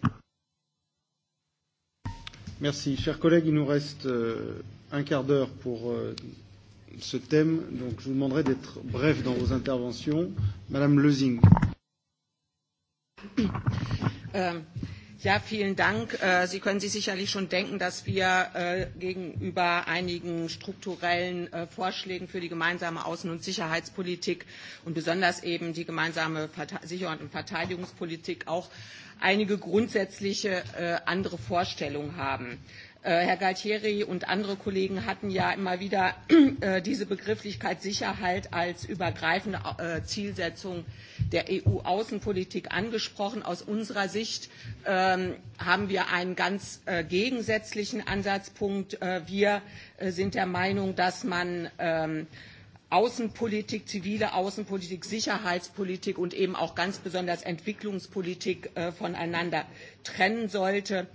Merci. Chers collègues, il nous reste euh, un quart d'heure pour euh, ce thème, donc je vous demanderai d'être bref dans vos interventions. Madame Lezing. Euh, Ja, vielen Dank. Äh, Sie können sich sicherlich schon denken, dass wir äh, gegenüber einigen strukturellen äh, Vorschlägen für die gemeinsame Außen- und Sicherheitspolitik und besonders eben die gemeinsame Sicherheit und Verteidigungspolitik auch einige grundsätzliche andere Vorstellungen haben. Äh, Herr Galtieri und andere Kollegen hatten ja immer wieder äh, diese Begrifflichkeit Sicherheit als übergreifende äh, Zielsetzung der EU-Außenpolitik angesprochen. Aus unserer Sicht ähm, haben wir einen ganz gegensätzlichen Ansatzpunkt. Wir sind der Meinung, dass man ähm, Außenpolitik, zivile Außenpolitik, Sicherheitspolitik und eben auch ganz besonders Entwicklungspolitik voneinander trennen sollte.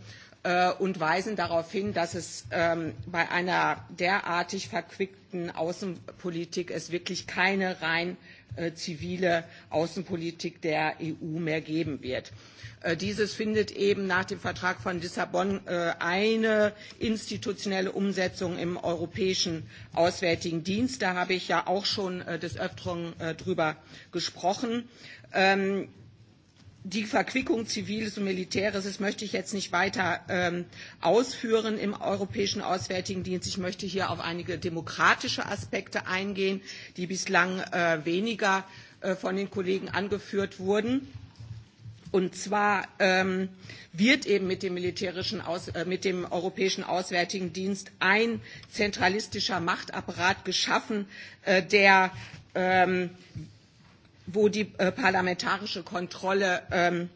Äh, und weisen darauf hin, dass es ähm, bei einer derartig verquickten Außenpolitik es wirklich keine rein äh, zivile Außenpolitik der EU mehr geben wird. Äh, dieses findet eben nach dem Vertrag von Lissabon äh, eine institutionelle Umsetzung im Europäischen Auswärtigen Dienst. Da habe ich ja auch schon äh, des Öfteren äh, drüber gesprochen. Ähm, die Verquickung Ziviles und Militäres, das möchte ich jetzt nicht weiter ähm, ausführen im Europäischen Auswärtigen Dienst. Ich möchte hier auf einige demokratische Aspekte eingehen, die bislang äh, weniger äh, von den Kollegen angeführt wurden. Und zwar ähm, wird eben mit dem, militärischen Aus, äh, mit dem Europäischen Auswärtigen Dienst ein zentralistischer Machtapparat geschaffen, äh, der ähm, wo die äh, parlamentarische Kontrolle ähm,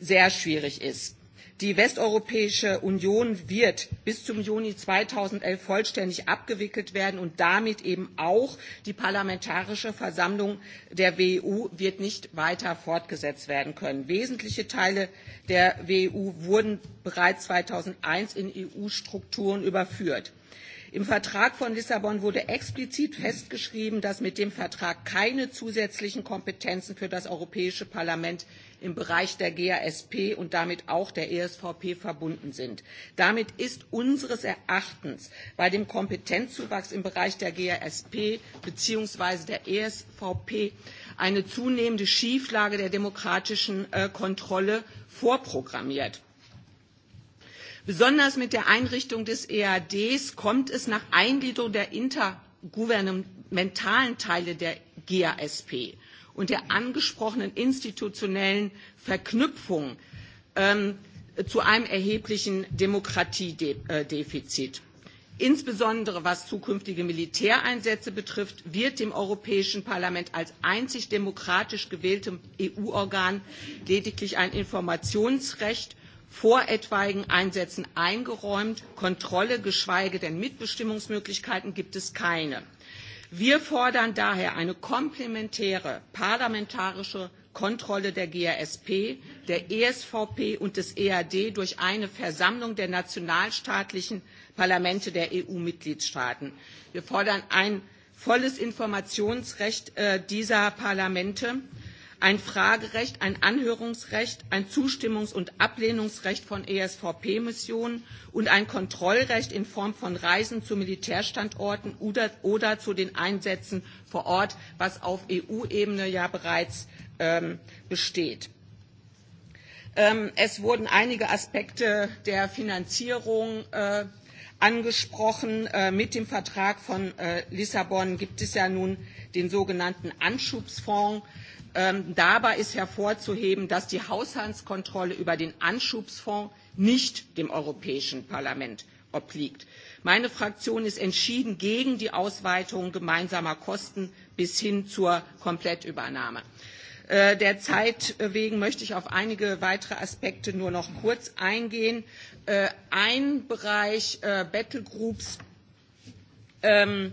sehr schwierig ist. Die Westeuropäische Union wird bis zum Juni 2011 vollständig abgewickelt werden und damit eben auch die Parlamentarische Versammlung der WU wird nicht weiter fortgesetzt werden können. Wesentliche Teile der WU wurden bereits 2001 in EU-Strukturen überführt. Im Vertrag von Lissabon wurde explizit festgeschrieben, dass mit dem Vertrag keine zusätzlichen Kompetenzen für das Europäische Parlament im Bereich der GASP und damit auch der ESVP verbunden sind. Damit ist unseres Erachtens bei dem Kompetenzzuwachs im Bereich der GASP bzw. der ESVP eine zunehmende Schieflage der demokratischen äh, Kontrolle vorprogrammiert. Besonders mit der Einrichtung des EADs kommt es nach Eingliederung der intergouvernementalen Teile der GASP und der angesprochenen institutionellen Verknüpfung ähm, zu einem erheblichen Demokratiedefizit. Insbesondere was zukünftige Militäreinsätze betrifft, wird dem Europäischen Parlament als einzig demokratisch gewähltem EU-Organ lediglich ein Informationsrecht vor etwaigen Einsätzen eingeräumt. Kontrolle, geschweige denn Mitbestimmungsmöglichkeiten gibt es keine. Wir fordern daher eine komplementäre parlamentarische Kontrolle der GASP, der ESVP und des EAD durch eine Versammlung der nationalstaatlichen Parlamente der EU-Mitgliedstaaten. Wir fordern ein volles Informationsrecht äh, dieser Parlamente ein Fragerecht, ein Anhörungsrecht, ein Zustimmungs- und Ablehnungsrecht von ESVP-Missionen und ein Kontrollrecht in Form von Reisen zu Militärstandorten oder, oder zu den Einsätzen vor Ort, was auf EU-Ebene ja bereits ähm, besteht. Ähm, es wurden einige Aspekte der Finanzierung äh, angesprochen. Äh, mit dem Vertrag von äh, Lissabon gibt es ja nun den sogenannten Anschubsfonds, Ähm, dabei ist hervorzuheben, dass die Haushaltskontrolle über den Anschubsfonds nicht dem Europäischen Parlament obliegt. Meine Fraktion ist entschieden gegen die Ausweitung gemeinsamer Kosten bis hin zur Komplettübernahme. Äh, der Zeit wegen möchte ich auf einige weitere Aspekte nur noch kurz eingehen. Äh, ein Bereich äh, Battlegroups ähm,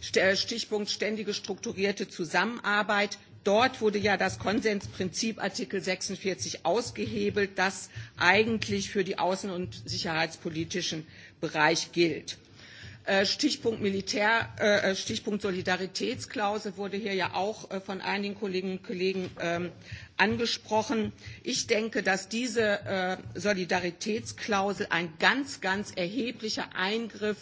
Stichpunkt ständige strukturierte Zusammenarbeit. Dort wurde ja das Konsensprinzip Artikel sechsundvierzig ausgehebelt, das eigentlich für den außen- und sicherheitspolitischen Bereich gilt. Äh, Stichpunkt Militär, äh, äh, Stichpunkt Solidaritätsklausel wurde hier ja auch von einigen Kolleginnen und Kollegen ähm, angesprochen. Ich denke, dass diese Solidaritätsklausel ein ganz, ganz erheblicher Eingriff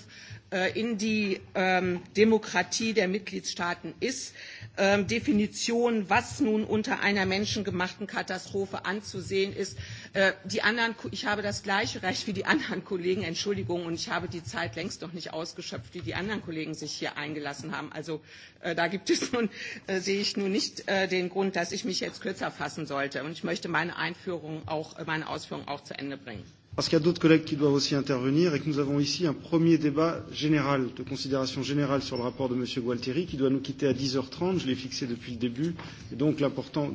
in die ähm, Demokratie der Mitgliedstaaten ist. Ähm, Definition, was nun unter einer menschengemachten Katastrophe anzusehen ist. Äh, die anderen, ich habe das gleiche Recht wie die anderen Kollegen, Entschuldigung, und ich habe die Zeit längst noch nicht ausgeschöpft, wie die anderen Kollegen sich hier eingelassen haben. Also äh, da gibt es nun, äh, sehe ich nun nicht den Grund, dass ich mich jetzt kürzer fassen sollte. Und ich möchte meine Einführung auch, meine Ausführungen auch zu Ende bringen parce qu'il y a d'autres collègues qui doivent aussi intervenir et que nous avons ici un premier débat général, de considération générale sur le rapport de M. Gualtieri qui doit nous quitter à 10h30. Je l'ai fixé depuis le début. Et donc l'important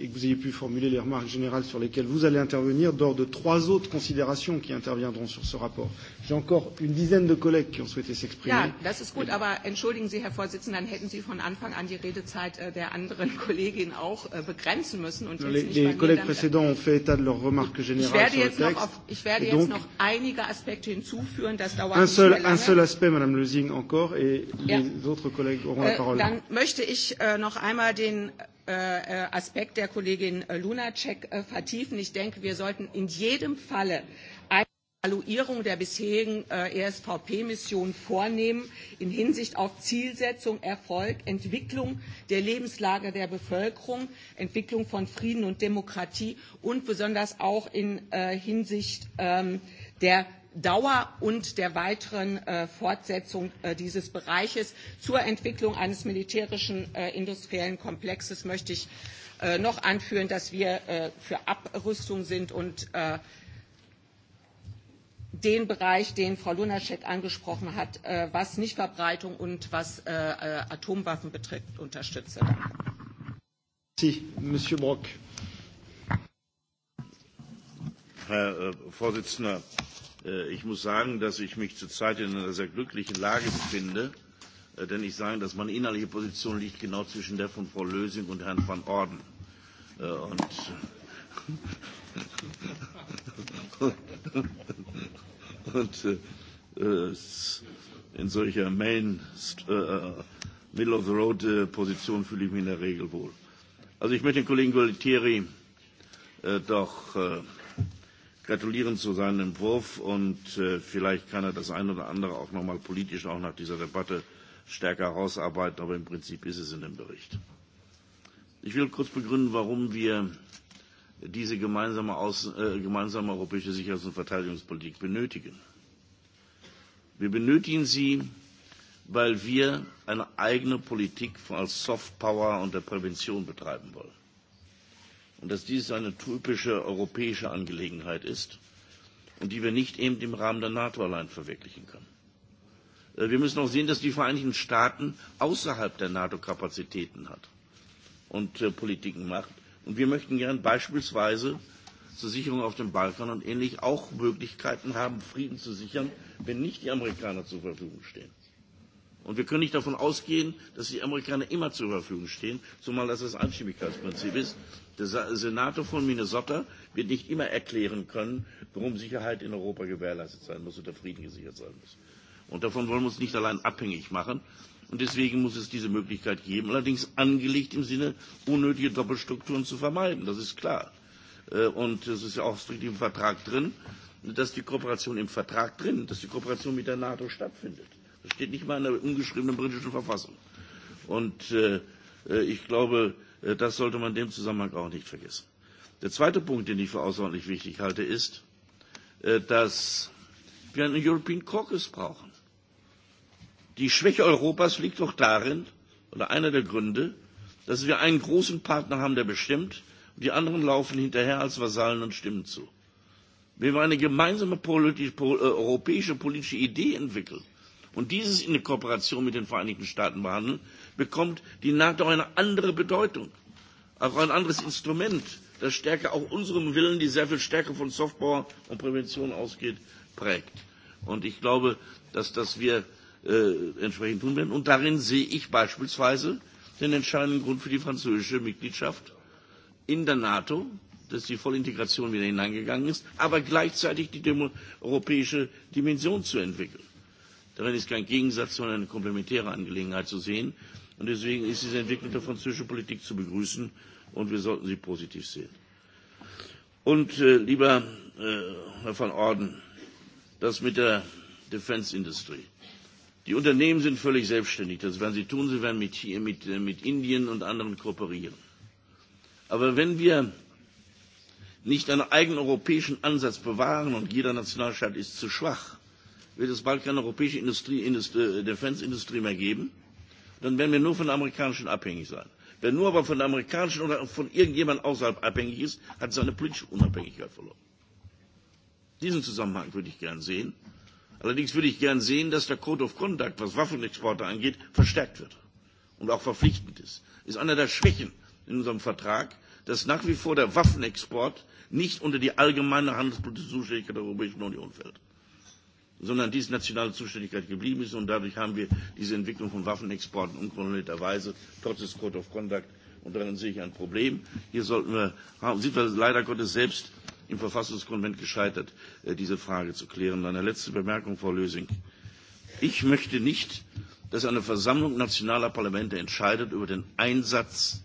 et que vous ayez pu formuler les remarques générales sur lesquelles vous allez intervenir, d'ordre de trois autres considérations qui interviendront sur ce rapport. J'ai encore une dizaine de collègues qui ont souhaité s'exprimer. Ja, das ist gut, aber entschuldigen Sie, Herr Vorsitzender, dann hätten Sie von Anfang an die Redezeit äh, der anderen Kollegin auch äh, begrenzen müssen. Und les les collègues äh, précédents ont fait état de leurs remarques générales sur le texte. Noch auf, ich werde donc, jetzt noch einige Aspekte hinzuführen, das dauert un seul, un seul aspect, Madame Lusing, encore, et ja. les autres collègues auront äh, la parole. Dann möchte ich äh, noch einmal den Äh, äh, Aspekt der Kollegin Lunacek äh, vertiefen. Ich denke, wir sollten in jedem Falle eine Evaluierung der bisherigen ESVP-Mission vornehmen in Hinsicht auf Zielsetzung, Erfolg, Entwicklung der Lebenslage der Bevölkerung, Entwicklung von Frieden und Demokratie und besonders auch in Hinsicht ähm, der Dauer und der weiteren äh, Fortsetzung äh, dieses Bereiches. Zur Entwicklung eines militärischen äh, industriellen Komplexes möchte ich äh, noch anführen, dass wir äh, für Abrüstung sind und äh, den Bereich, den Frau Lunacek angesprochen hat, äh, was Nichtverbreitung und was äh, äh Atomwaffen betrifft, unterstütze. Danke. Herr äh, Vorsitzender, Äh, ich muss sagen, dass ich mich zurzeit in einer sehr glücklichen Lage befinde, äh, denn ich sage, dass meine innerliche Position liegt genau zwischen der von Frau Lösing und Herrn van Orden. Äh, und und äh, in solcher Main äh, Middle of the Road äh, Position fühle ich mich in der Regel wohl. Also ich möchte den Kollegen Gualtieri äh, doch äh, gratulieren zu seinem Entwurf und äh, vielleicht kann er das eine oder andere auch noch nochmal politisch auch nach dieser Debatte stärker herausarbeiten, aber im Prinzip ist es in dem Bericht. Ich will kurz begründen, warum wir diese gemeinsame, Außen, äh, gemeinsame europäische Sicherheits- und Verteidigungspolitik benötigen. Wir benötigen sie, weil wir eine eigene Politik als Soft Power und der Prävention betreiben wollen und dass dies eine typische europäische Angelegenheit ist und die wir nicht eben im Rahmen der NATO allein verwirklichen können. Äh, wir müssen auch sehen, dass die Vereinigten Staaten außerhalb der NATO Kapazitäten hat und äh, Politiken macht. Und wir möchten gern beispielsweise zur Sicherung auf dem Balkan und ähnlich auch Möglichkeiten haben, Frieden zu sichern, wenn nicht die Amerikaner zur Verfügung stehen. Und wir können nicht davon ausgehen, dass die Amerikaner immer zur Verfügung stehen, zumal das das Einstimmigkeitsprinzip ist. Der Senator von Minnesota wird nicht immer erklären können, warum Sicherheit in Europa gewährleistet sein muss und der Frieden gesichert sein muss. Und davon wollen wir uns nicht allein abhängig machen. Und deswegen muss es diese Möglichkeit geben, allerdings angelegt im Sinne, unnötige Doppelstrukturen zu vermeiden. Das ist klar. Äh, und das ist ja auch strikt im Vertrag drin, dass die Kooperation im Vertrag drin, dass die Kooperation mit der NATO stattfindet. Das steht nicht mal in der ungeschriebenen britischen Verfassung. Und äh, äh ich glaube, äh, das sollte man in dem Zusammenhang auch nicht vergessen. Der zweite Punkt, den ich für außerordentlich wichtig halte, ist, äh, dass wir einen European Caucus brauchen. Die Schwäche Europas liegt doch darin, oder einer der Gründe, dass wir einen großen Partner haben, der bestimmt, und die anderen laufen hinterher als Vasallen und stimmen zu. Wenn wir eine gemeinsame politi po, äh, europäische politische Idee entwickeln, und dieses in der Kooperation mit den Vereinigten Staaten behandeln, bekommt die NATO eine andere Bedeutung, auch ein anderes Instrument, das stärker auch unserem Willen, die sehr viel stärker von Softpower und Prävention ausgeht, prägt. Und ich glaube, dass das wir äh, entsprechend tun werden. Und darin sehe ich beispielsweise den entscheidenden Grund für die französische Mitgliedschaft in der NATO, dass die Vollintegration wieder hineingegangen ist, aber gleichzeitig die europäische Dimension zu entwickeln. Darin ist kein Gegensatz, sondern eine komplementäre Angelegenheit zu sehen. Und deswegen ist diese Entwicklung der französischen Politik zu begrüßen und wir sollten sie positiv sehen. Und äh, lieber äh, Herr van Orden, das mit der Defense Industry. Die Unternehmen sind völlig selbstständig. Das werden sie tun. Sie werden mit, mit, äh, mit Indien und anderen kooperieren. Aber wenn wir nicht einen eigenen europäischen Ansatz bewahren und jeder Nationalstaat ist zu schwach, wird es bald keine europäische Industrie, Industrie, äh, Defense-Industrie mehr geben. Dann werden wir nur von der amerikanischen abhängig sein. Wer nur aber von der amerikanischen oder von irgendjemand außerhalb abhängig ist, hat seine politische Unabhängigkeit verloren. Diesen Zusammenhang würde ich gern sehen. Allerdings würde ich gern sehen, dass der Code of Conduct, was Waffenexporte angeht, verstärkt wird und auch verpflichtend ist. Ist einer der Schwächen in unserem Vertrag, dass nach wie vor der Waffenexport nicht unter die allgemeine handelspolitische Zuständigkeit der Europäischen Union fällt sondern dies nationale Zuständigkeit geblieben ist. Und dadurch haben wir diese Entwicklung von Waffenexporten unkontrollierterweise trotz des Code of Conduct. Und darin sehe ich ein Problem. Hier sollten wir, sind wir leider Gottes selbst im Verfassungskonvent gescheitert, äh, diese Frage zu klären. Eine letzte Bemerkung, Frau Lösing. Ich möchte nicht, dass eine Versammlung nationaler Parlamente entscheidet über den Einsatz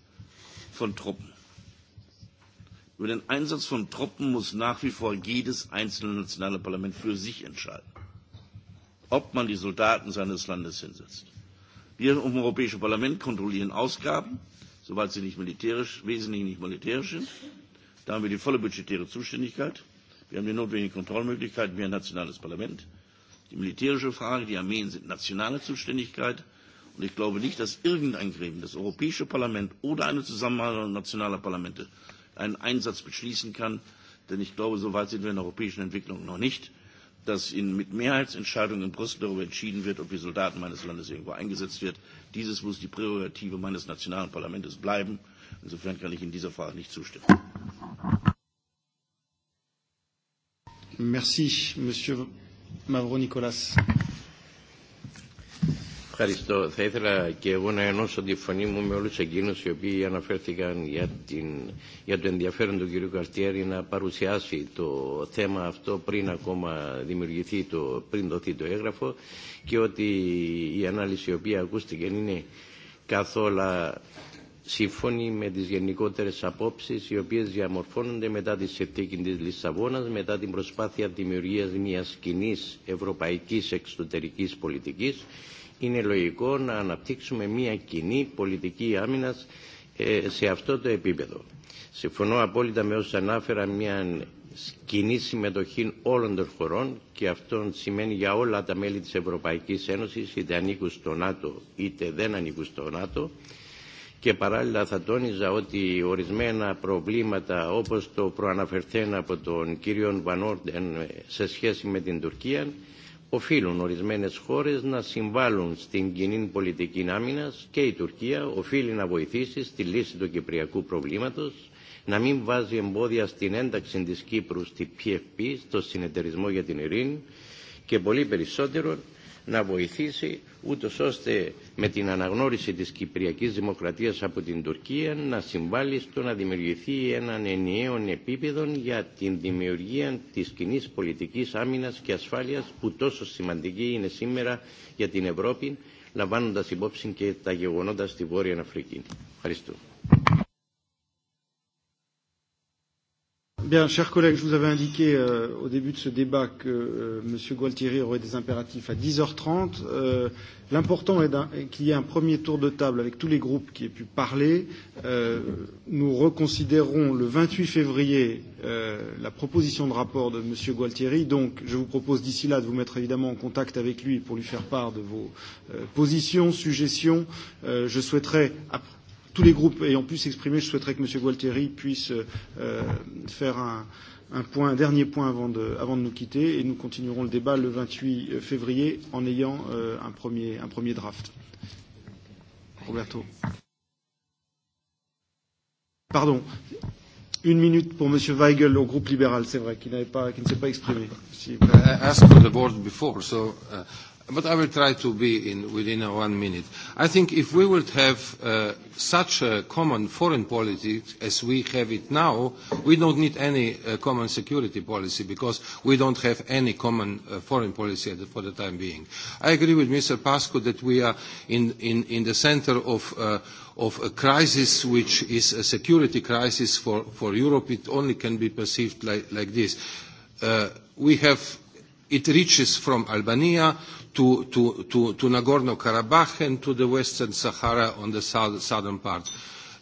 von Truppen. Über den Einsatz von Truppen muss nach wie vor jedes einzelne nationale Parlament für sich entscheiden ob man die Soldaten seines Landes hinsetzt. Wir im Europäischen Parlament kontrollieren Ausgaben, soweit sie nicht militärisch, wesentlich nicht militärisch sind. Da haben wir die volle budgetäre Zuständigkeit. Wir haben die notwendigen Kontrollmöglichkeiten wie ein nationales Parlament. Die militärische Frage, die Armeen sind nationale Zuständigkeit. Und ich glaube nicht, dass irgendein Gremium, das Europäische Parlament oder eine Zusammenarbeit nationaler Parlamente einen Einsatz beschließen kann. Denn ich glaube, so weit sind wir in der europäischen Entwicklung noch nicht dass in, mit Mehrheitsentscheidung in Brüssel darüber entschieden wird, ob die Soldaten meines Landes irgendwo eingesetzt wird. Dieses muss die Prärogative meines nationalen Parlaments bleiben. Insofern kann ich in dieser Frage nicht zustimmen. Merci, Monsieur Mavro Nicolas. Ευχαριστώ. Θα ήθελα και εγώ να ενώσω τη φωνή μου με όλους εκείνους οι οποίοι αναφέρθηκαν για, την, για το ενδιαφέρον του κ. Καρτιέρη να παρουσιάσει το θέμα αυτό πριν ακόμα δημιουργηθεί, το, πριν δοθεί το έγγραφο και ότι η ανάλυση η οποία ακούστηκε είναι καθόλου σύμφωνη με τις γενικότερες απόψεις οι οποίες διαμορφώνονται μετά τη συνθήκη της Λισαβόνας, μετά την προσπάθεια δημιουργίας μιας κοινή ευρωπαϊκής εξωτερικής πολιτικής είναι λογικό να αναπτύξουμε μια κοινή πολιτική άμυνας σε αυτό το επίπεδο. Συμφωνώ απόλυτα με όσους ανάφερα μια κοινή συμμετοχή όλων των χωρών και αυτό σημαίνει για όλα τα μέλη της Ευρωπαϊκής Ένωσης είτε ανήκουν στο ΝΑΤΟ είτε δεν ανήκουν στο ΝΑΤΟ και παράλληλα θα τόνιζα ότι ορισμένα προβλήματα όπως το προαναφερθέν από τον κύριο Βανόρντεν σε σχέση με την Τουρκία οφείλουν ορισμένες χώρες να συμβάλλουν στην κοινή πολιτική άμυνα και η Τουρκία οφείλει να βοηθήσει στη λύση του κυπριακού προβλήματος, να μην βάζει εμπόδια στην ένταξη τη Κύπρου στη PFP, στο Συνεταιρισμό για την Ειρήνη και πολύ περισσότερο να βοηθήσει ούτως ώστε με την αναγνώριση της Κυπριακής Δημοκρατίας από την Τουρκία να συμβάλλει στο να δημιουργηθεί έναν ενιαίο επίπεδο για την δημιουργία της κοινή πολιτικής άμυνας και ασφάλειας που τόσο σημαντική είναι σήμερα για την Ευρώπη, λαμβάνοντας υπόψη και τα γεγονότα στη Βόρεια Αφρική. Ευχαριστώ. Bien, chers collègues, je vous avais indiqué euh, au début de ce débat que euh, M. Gualtieri aurait des impératifs à 10h30. Euh, L'important est, est qu'il y ait un premier tour de table avec tous les groupes qui aient pu parler. Euh, nous reconsidérons le 28 février euh, la proposition de rapport de M. Gualtieri. Donc, je vous propose d'ici là de vous mettre évidemment en contact avec lui pour lui faire part de vos euh, positions, suggestions. Euh, je souhaiterais, après tous les groupes ayant pu s'exprimer, je souhaiterais que M. Gualtieri puisse euh, euh, faire un, un, point, un dernier point avant de, avant de nous quitter et nous continuerons le débat le 28 euh, février en ayant euh, un, premier, un premier draft. Roberto. Pardon. Une minute pour M. Weigel au groupe libéral, c'est vrai, qui, pas, qui ne s'est pas exprimé. Si... I asked for the board before, so uh, but I will try to be in, within a one minute. I think if we would have uh, such a common foreign policy as we have it now, we don't need any uh, common security policy because we don't have any common uh, foreign policy at the, for the time being. I agree with Mr. Pasco that we are in, in, in the center of, uh, of a crisis which is a security crisis for, for Europe. It only can be perceived like, like this. Uh, we have It reaches from Albania to, to, to, to Nagorno-Karabakh and to the Western Sahara on the south, southern part.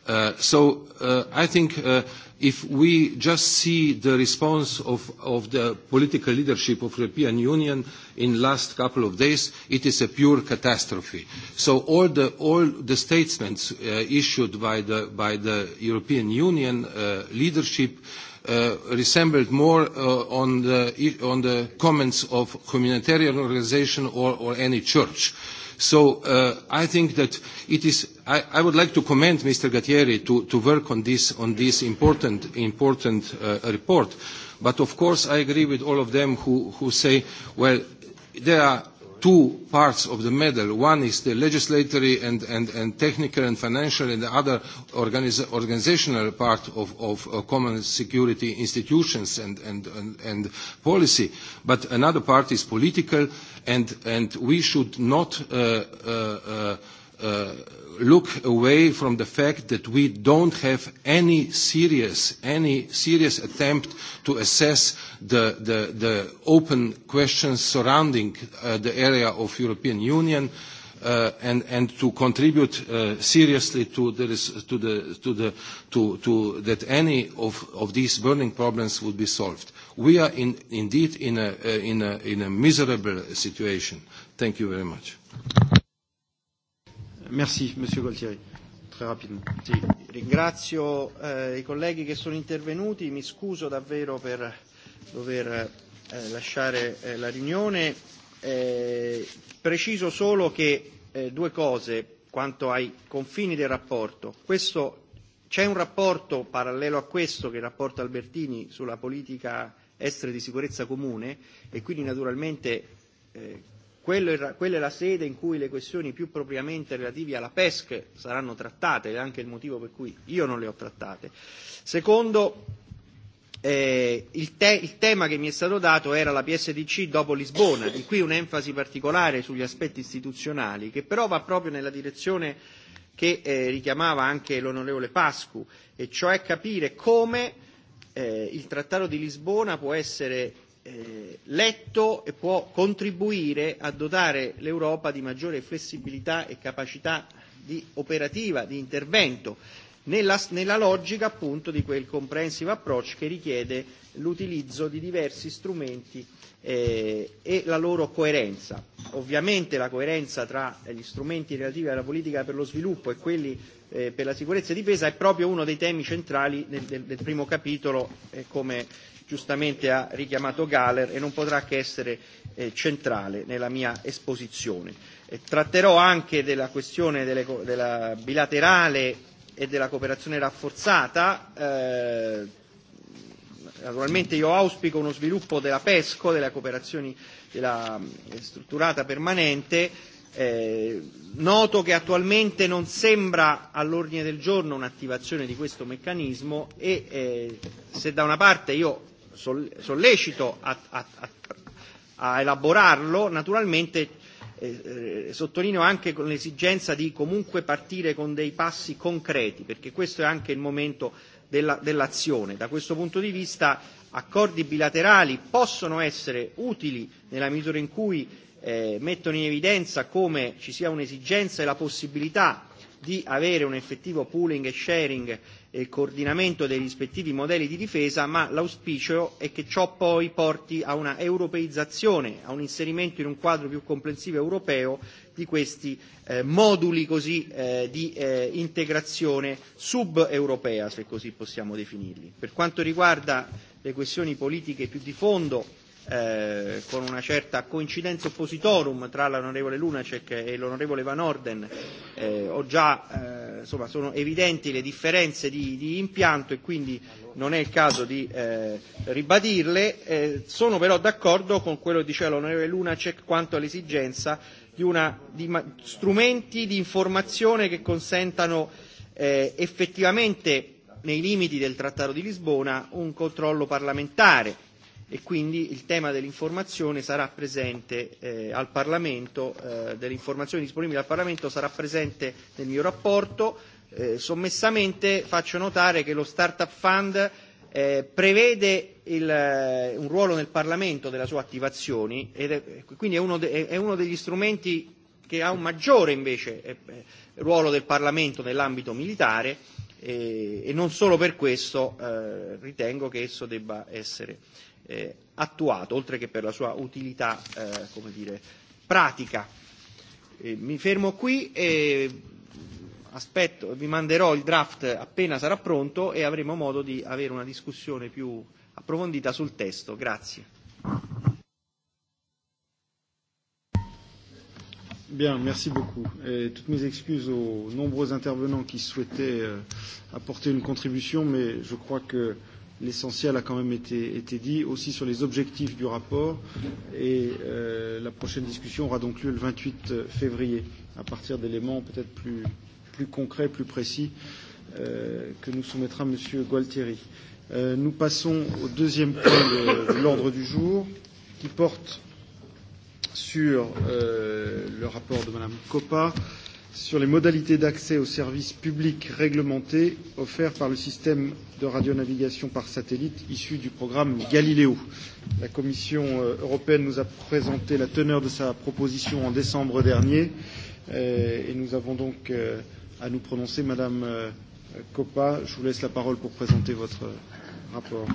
Uh, so uh, I think uh, if we just see the response of, of the political leadership of European Union in last couple of days, it is a pure catastrophe. So all the, all the statements uh, issued by the, by the European Union uh, leadership uh, Uh, resembled more uh, on, the, on the comments of humanitarian organization or, or any church. So uh, I think that it is. I, I would like to commend Mr. Gattieri to, to work on this on this important important uh, report. But of course, I agree with all of them who, who say, well, there are two parts of the medal. One is the legislatory and, and, and technical and financial and the other organiz organizational part of, of uh, common security institutions and, and, and, and policy. But another part is political and, and we should not uh, uh, uh, Uh, look away from the fact that we don't have any serious, any serious attempt to assess the, the, the open questions surrounding uh, the area of European Union uh, and, and to contribute uh, seriously to, the, to, the, to, the, to, to that any of, of these burning problems would be solved. We are in, indeed in a, uh, in, a, in a miserable situation. Thank you very much. Merci, Monsieur Gualtieri. Très rapidement. Sì, ringrazio eh, i colleghi che sono intervenuti, mi scuso davvero per dover eh, lasciare eh, la riunione. Eh, preciso solo che eh, due cose quanto ai confini del rapporto. Questo, c'è un rapporto parallelo a questo, che è il rapporto Albertini sulla politica estera e di sicurezza comune e quindi naturalmente eh, Quello quella è la sede in cui le questioni più propriamente relative alla PESC saranno trattate, è anche il motivo per cui io non le ho trattate. Secondo, eh, il, te, il tema che mi è stato dato era la PSDC dopo Lisbona, di qui un'enfasi particolare sugli aspetti istituzionali, che però va proprio nella direzione che eh, richiamava anche l'onorevole Pascu, e cioè capire come eh, il Trattato di Lisbona può essere eh, letto e può contribuire a dotare l'Europa di maggiore flessibilità e capacità di operativa, di intervento, nella, nella logica appunto di quel comprehensive approach che richiede l'utilizzo di diversi strumenti eh, e la loro coerenza. Ovviamente la coerenza tra gli strumenti relativi alla politica per lo sviluppo e quelli eh, per la sicurezza e difesa è proprio uno dei temi centrali del, del, del primo capitolo, eh, come giustamente ha richiamato Galer e non potrà che essere eh, centrale nella mia esposizione. E tratterò anche della questione delle, della bilaterale e della cooperazione rafforzata. Eh, naturalmente io auspico uno sviluppo della PESCO, della cooperazione eh, della strutturata permanente, Eh, noto che attualmente non sembra all'ordine del giorno un'attivazione di questo meccanismo e eh, se da una parte io sollecito a, a, a a elaborarlo, naturalmente eh, eh, sottolineo anche con l'esigenza di comunque partire con dei passi concreti, perché questo è anche il momento della, dell'azione. Da questo punto di vista accordi bilaterali possono essere utili nella misura in cui eh, mettono in evidenza come ci sia un'esigenza e la possibilità di avere un effettivo pooling e sharing eh, e coordinamento dei rispettivi modelli di difesa, ma l'auspicio è che ciò poi porti a una europeizzazione, a un inserimento in un quadro più complessivo europeo di questi eh, moduli così, eh, di eh, integrazione sub-europea, se così possiamo definirli. Per quanto riguarda le questioni politiche più di fondo, Eh, con una certa coincidenza oppositorum tra l'onorevole Lunacek e l'onorevole Van Orden, eh, ho già, eh, insomma, sono evidenti le differenze di, di impianto e quindi non è il caso di eh, ribadirle. Eh, sono però d'accordo con quello che diceva l'onorevole Lunacek quanto all'esigenza di, una, di strumenti di informazione che consentano eh, effettivamente nei limiti del Trattato di Lisbona un controllo parlamentare e quindi il tema dell'informazione sarà presente eh, al Parlamento, eh, dell'informazione disponibile al Parlamento sarà presente nel mio rapporto. Eh, sommessamente faccio notare che lo Startup Fund eh, prevede il, eh, un ruolo nel Parlamento della sua attivazione ed è, quindi è uno, de, è uno degli strumenti che ha un maggiore invece eh, eh, ruolo del Parlamento nell'ambito militare eh, e non solo per questo eh, ritengo che esso debba essere eh, eh, attuato, oltre che per la sua utilità eh, come dire, pratica. Eh, mi fermo qui e aspetto, vi manderò il draft appena sarà pronto e avremo modo di avere una discussione più approfondita sul testo. Grazie. Bien, merci beaucoup. Et toutes mes excuses aux nombreux intervenants qui souhaitaient euh, apporter une contribution, mais je crois que euh, l'essentiel a quand même été, été dit, aussi sur les objectifs du rapport. Et euh, la prochaine discussion aura donc lieu le 28 février, à partir d'éléments peut-être plus, plus concrets, plus précis, euh, que nous soumettra M. Gualtieri. Euh, nous passons au deuxième point de, de l'ordre du jour, qui porte sur euh, le rapport de Mme Coppa. Euh, sur les modalités d'accès aux services publics réglementés offerts par le système de radionavigation par satellite issu du programme Galileo. La Commission euh, européenne nous a présenté la teneur de sa proposition en décembre dernier euh, et nous avons donc euh, à nous prononcer. Madame Coppa, je vous laisse la parole pour présenter votre rapport.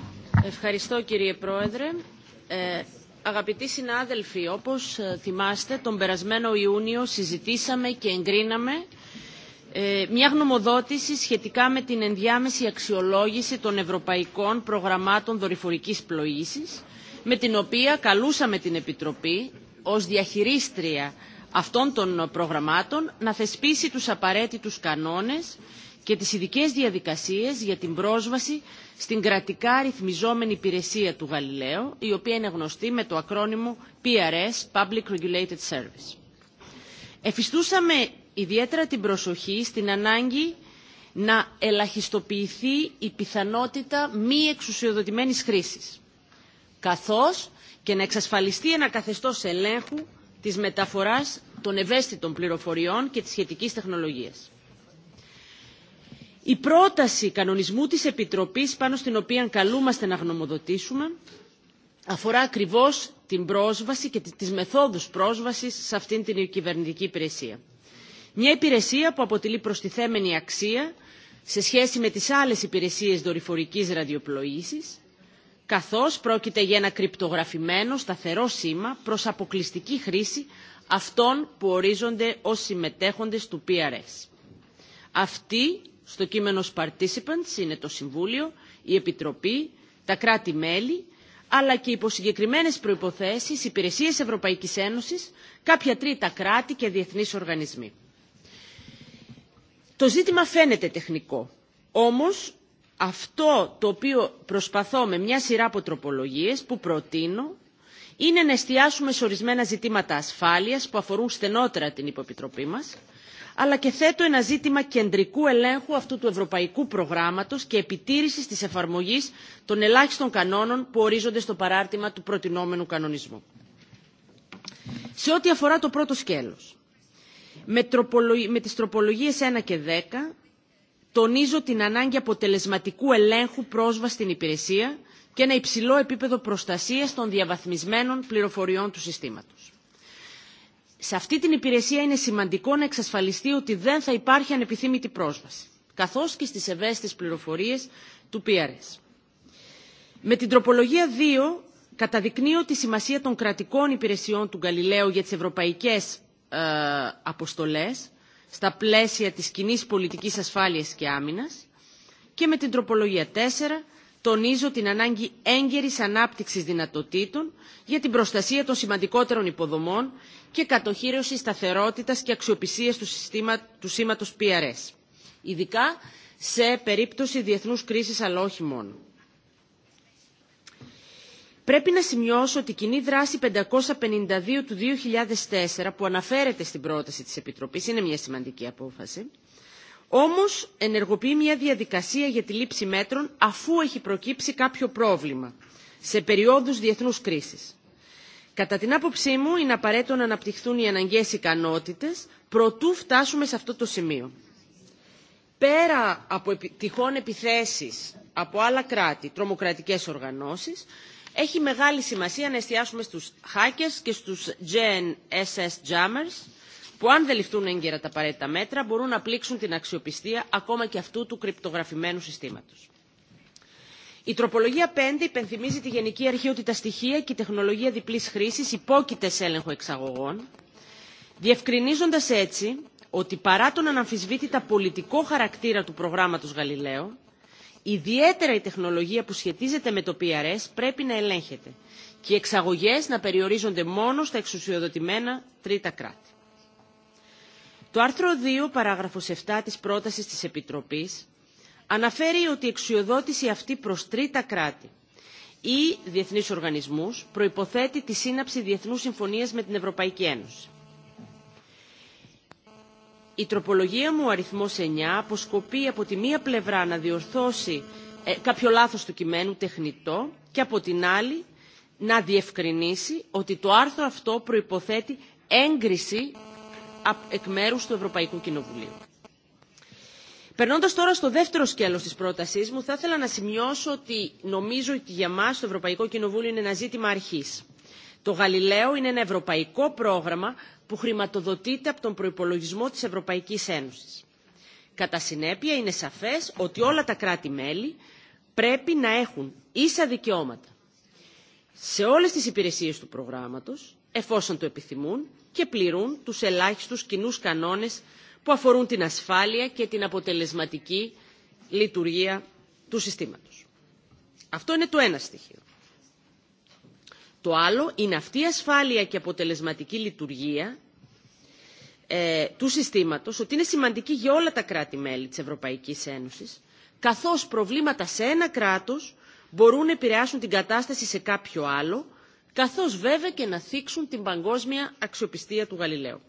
Merci, Monsieur le Président. Αγαπητοί συνάδελφοι, όπως θυμάστε, τον περασμένο Ιούνιο συζητήσαμε και εγκρίναμε μια γνωμοδότηση σχετικά με την ενδιάμεση αξιολόγηση των ευρωπαϊκών προγραμμάτων δορυφορικής πλοήγησης, με την οποία καλούσαμε την Επιτροπή ως διαχειρίστρια αυτών των προγραμμάτων να θεσπίσει τους απαραίτητους κανόνες και τις ειδικέ διαδικασίες για την πρόσβαση στην κρατικά ρυθμιζόμενη υπηρεσία του Γαλιλαίου, η οποία είναι γνωστή με το ακρόνιμο PRS, Public Regulated Service. Εφιστούσαμε ιδιαίτερα την προσοχή στην ανάγκη να ελαχιστοποιηθεί η πιθανότητα μη εξουσιοδοτημένης χρήσης, καθώς και να εξασφαλιστεί ένα καθεστώς ελέγχου της μεταφοράς των ευαίσθητων πληροφοριών και της σχετικής τεχνολογίας η πρόταση κανονισμού της Επιτροπής πάνω στην οποία καλούμαστε να γνωμοδοτήσουμε αφορά ακριβώς την πρόσβαση και τις μεθόδους πρόσβασης σε αυτήν την κυβερνητική υπηρεσία. Μια υπηρεσία που αποτελεί προστιθέμενη αξία σε σχέση με τις άλλες υπηρεσίες δορυφορικής ραδιοπλοήσης, καθώς πρόκειται για ένα κρυπτογραφημένο σταθερό σήμα προς αποκλειστική χρήση αυτών που ορίζονται ως συμμετέχοντες του PRS. Αυτή στο κείμενο participants είναι το Συμβούλιο, η Επιτροπή, τα κράτη-μέλη, αλλά και υπό συγκεκριμένε προϋποθέσεις, υπηρεσίες Ευρωπαϊκής Ένωσης, κάποια τρίτα κράτη και διεθνείς οργανισμοί. Το ζήτημα φαίνεται τεχνικό, όμως αυτό το οποίο προσπαθώ με μια σειρά από τροπολογίες που προτείνω είναι να εστιάσουμε σε ορισμένα ζητήματα ασφάλειας που αφορούν στενότερα την υποπιτροπή μας, αλλά και θέτω ένα ζήτημα κεντρικού ελέγχου αυτού του ευρωπαϊκού προγράμματος και επιτήρησης της εφαρμογής των ελάχιστων κανόνων που ορίζονται στο παράρτημα του προτινόμενου κανονισμού. Σε ό,τι αφορά το πρώτο σκέλος, με, τροπολογ... με τις τροπολογίες 1 και 10 τονίζω την ανάγκη αποτελεσματικού ελέγχου πρόσβαση στην υπηρεσία και ένα υψηλό επίπεδο προστασίας των διαβαθμισμένων πληροφοριών του συστήματος σε αυτή την υπηρεσία είναι σημαντικό να εξασφαλιστεί ότι δεν θα υπάρχει ανεπιθύμητη πρόσβαση, καθώς και στις ευαίσθητες πληροφορίες του PRS. Με την τροπολογία 2 καταδεικνύω τη σημασία των κρατικών υπηρεσιών του Γαλιλαίου για τις ευρωπαϊκές ε, αποστολές στα πλαίσια της κοινή πολιτικής ασφάλειας και άμυνας και με την τροπολογία τονίζω την ανάγκη έγκαιρης ανάπτυξης δυνατοτήτων για την προστασία των σημαντικότερων υποδομών και κατοχήρωση σταθερότητας και αξιοπιστίας του, συστήμα, του σήματος PRS, ειδικά σε περίπτωση διεθνούς κρίσης αλλά όχι μόνο. Πρέπει να σημειώσω ότι η κοινή δράση 552 του 2004 που αναφέρεται στην πρόταση της Επιτροπής, είναι μια σημαντική απόφαση, Όμως ενεργοποιεί μια διαδικασία για τη λήψη μέτρων αφού έχει προκύψει κάποιο πρόβλημα σε περιόδους διεθνούς κρίσης. Κατά την άποψή μου είναι απαραίτητο να αναπτυχθούν οι αναγκαίες ικανότητες προτού φτάσουμε σε αυτό το σημείο. Πέρα από τυχόν επιθέσεις από άλλα κράτη, τρομοκρατικές οργανώσεις, έχει μεγάλη σημασία να εστιάσουμε στους hackers και στους GNSS jammers, που αν δεν ληφθούν έγκαιρα τα απαραίτητα μέτρα μπορούν να πλήξουν την αξιοπιστία ακόμα και αυτού του κρυπτογραφημένου συστήματος. Η τροπολογία 5 υπενθυμίζει τη γενική αρχή ότι τα στοιχεία και η τεχνολογία διπλής χρήσης υπόκειται σε έλεγχο εξαγωγών, διευκρινίζοντας έτσι ότι παρά τον αναμφισβήτητα πολιτικό χαρακτήρα του προγράμματος Γαλιλαίο, ιδιαίτερα η τεχνολογία που σχετίζεται με το PRS πρέπει να ελέγχεται και οι εξαγωγές να περιορίζονται μόνο στα εξουσιοδοτημένα τρίτα κράτη. Το άρθρο 2, παράγραφος 7 της πρότασης της Επιτροπής αναφέρει ότι η εξουσιοδότηση αυτή προς τρίτα κράτη ή διεθνείς οργανισμούς προϋποθέτει τη σύναψη διεθνούς συμφωνίας με την Ευρωπαϊκή Ένωση. Η τροπολογία μου, ο αριθμός 9, αποσκοπεί από τη μία πλευρά να διορθώσει ε, κάποιο λάθος του κειμένου τεχνητό και από την άλλη να διευκρινίσει ότι το άρθρο αυτό προϋποθέτει έγκριση εκ μέρου του Ευρωπαϊκού Κοινοβουλίου. Περνώντας τώρα στο δεύτερο σκέλος της πρότασής μου, θα ήθελα να σημειώσω ότι νομίζω ότι για μας το Ευρωπαϊκό Κοινοβούλιο είναι ένα ζήτημα αρχής. Το Γαλιλαίο είναι ένα ευρωπαϊκό πρόγραμμα που χρηματοδοτείται από τον προϋπολογισμό της Ευρωπαϊκής Ένωσης. Κατά συνέπεια είναι σαφές ότι όλα τα κράτη-μέλη πρέπει να έχουν ίσα δικαιώματα σε όλες τις υπηρεσίες του προγράμματος, εφόσον το επιθυμούν, και πληρούν τους ελάχιστους κοινού κανόνες που αφορούν την ασφάλεια και την αποτελεσματική λειτουργία του συστήματος. Αυτό είναι το ένα στοιχείο. Το άλλο είναι αυτή η ασφάλεια και αποτελεσματική λειτουργία ε, του συστήματος ότι είναι σημαντική για όλα τα κράτη-μέλη της Ευρωπαϊκής Ένωσης καθώς προβλήματα σε ένα κράτος μπορούν να επηρεάσουν την κατάσταση σε κάποιο άλλο καθώς βέβαια και να θίξουν την παγκόσμια αξιοπιστία του Γαλιλαίου.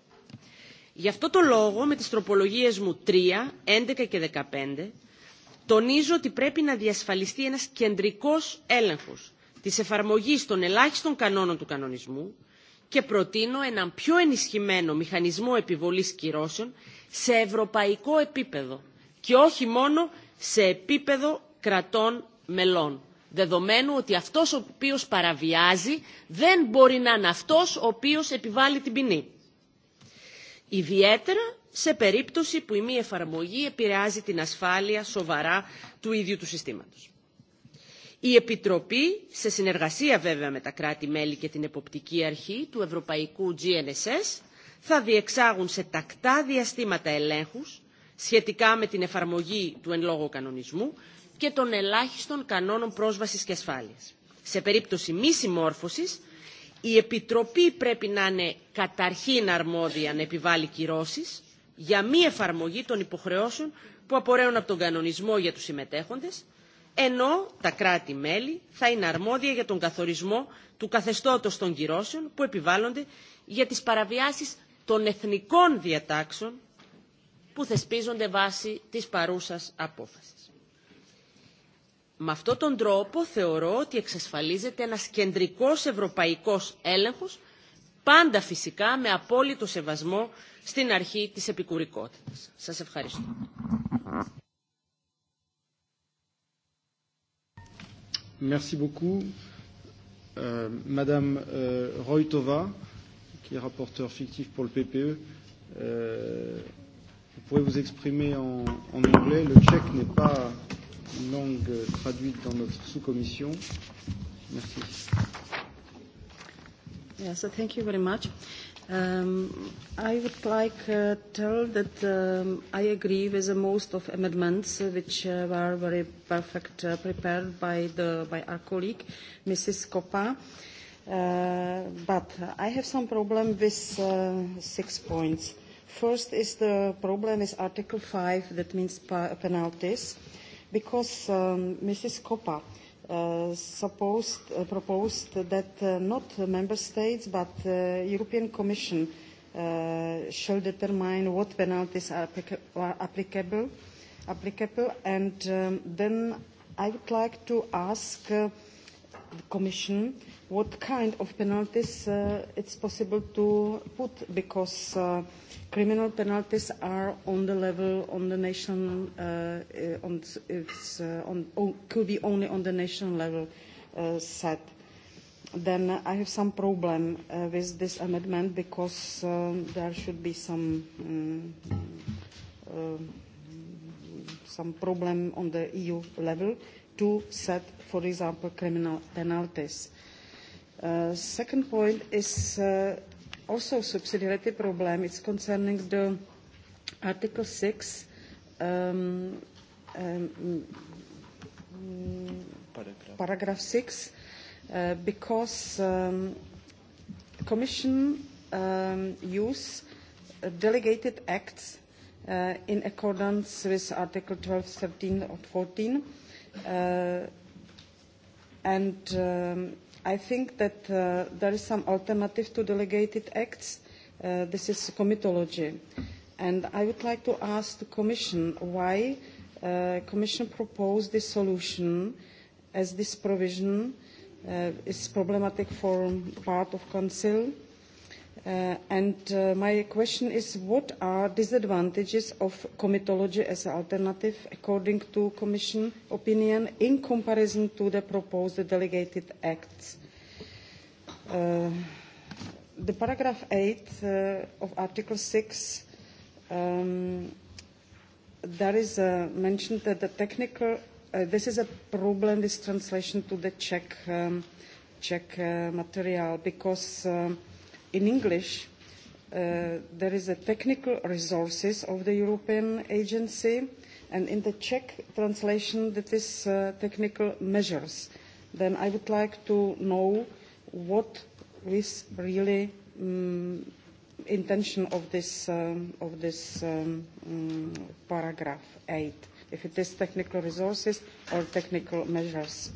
Γι' αυτό το λόγο με τις τροπολογίες μου 3, 11 και 15 τονίζω ότι πρέπει να διασφαλιστεί ένας κεντρικός έλεγχος της εφαρμογής των ελάχιστων κανόνων του κανονισμού και προτείνω έναν πιο ενισχυμένο μηχανισμό επιβολής κυρώσεων σε ευρωπαϊκό επίπεδο και όχι μόνο σε επίπεδο κρατών μελών δεδομένου ότι αυτός ο οποίος παραβιάζει δεν μπορεί να είναι αυτός ο οποίος επιβάλλει την ποινή. Ιδιαίτερα σε περίπτωση που η μη εφαρμογή επηρεάζει την ασφάλεια σοβαρά του ίδιου του συστήματος. Η Επιτροπή, σε συνεργασία βέβαια με τα κράτη-μέλη και την εποπτική αρχή του Ευρωπαϊκού GNSS, θα διεξάγουν σε τακτά διαστήματα ελέγχους σχετικά με την εφαρμογή του εν λόγω κανονισμού και των ελάχιστων κανόνων πρόσβασης και ασφάλειας. Σε περίπτωση μη συμμόρφωσης, η Επιτροπή πρέπει να είναι καταρχήν αρμόδια να επιβάλλει κυρώσεις για μη εφαρμογή των υποχρεώσεων που απορρέουν από τον κανονισμό για τους συμμετέχοντες, ενώ τα κράτη-μέλη θα είναι αρμόδια για τον καθορισμό του καθεστώτος των κυρώσεων που επιβάλλονται για τις παραβιάσεις των εθνικών διατάξεων που θεσπίζονται βάσει της παρούσας απόφασης. Με αυτόν τον τρόπο θεωρώ ότι εξασφαλίζεται ένας κεντρικός ευρωπαϊκός έλεγχος, πάντα φυσικά με απόλυτο σεβασμό στην αρχή της επικουρικότητας. Σας ευχαριστώ. Merci beaucoup. Euh, Madame euh, Roytova, qui est rapporteure fictive pour le PPE, euh, vous pouvez vous exprimer en, en anglais. Le tchèque n'est pas une langue traduite dans notre sous-commission. Merci. Yeah, so thank you very much. Um, I would like to uh, tell that um, I agree with the most of amendments uh, which uh, were very perfect uh, prepared by, the, by our colleague, Mrs. Kopa. Uh, but I have some problem with uh, six points. First is the problem is Article 5, that means penalties. Uh, because um, Mrs. Coppa uh, supposed, uh, proposed that uh, not the member states but the uh, European Commission uh, shall determine what penalties are, applica are applicable, applicable and um, then I would like to ask uh, the Commission uh, what kind of penalties uh, it's possible to put because uh, criminal penalties are on the level on the nation uh, on it's uh, on oh, could be only on the national level uh, set then I have some problem uh, with this amendment because um, there should be some um, uh, some problem on the EU level to set, for example, criminal penalties Uh, second point is uh, also subsidiarity problem. It's concerning the Article 6 um, um, paragraph. paragraph 6 uh, because um, Commission um, use delegated acts uh, in accordance with Article 12, 13 or 14 uh, and um, I think that uh, there is some alternative to delegated acts. Uh, this is comitology. And I would like to ask the Commission why uh, Commission proposed this solution as this provision uh, is problematic for part of Council Uh, and uh, my question is, what are disadvantages of comitology as an alternative according to Commission opinion in comparison to the proposed delegated acts? Uh, the paragraph 8 uh, of Article 6, um, there is uh, mentioned that the technical, uh, this is a problem, this translation to the Czech, um, Czech uh, material, because um, in English, uh, there is a technical resources of the European agency, and in the Czech translation, that is uh, technical measures. Then I would like to know what is really um, intention of this, um, of this um, um, paragraph 8, if it is technical resources or technical measures.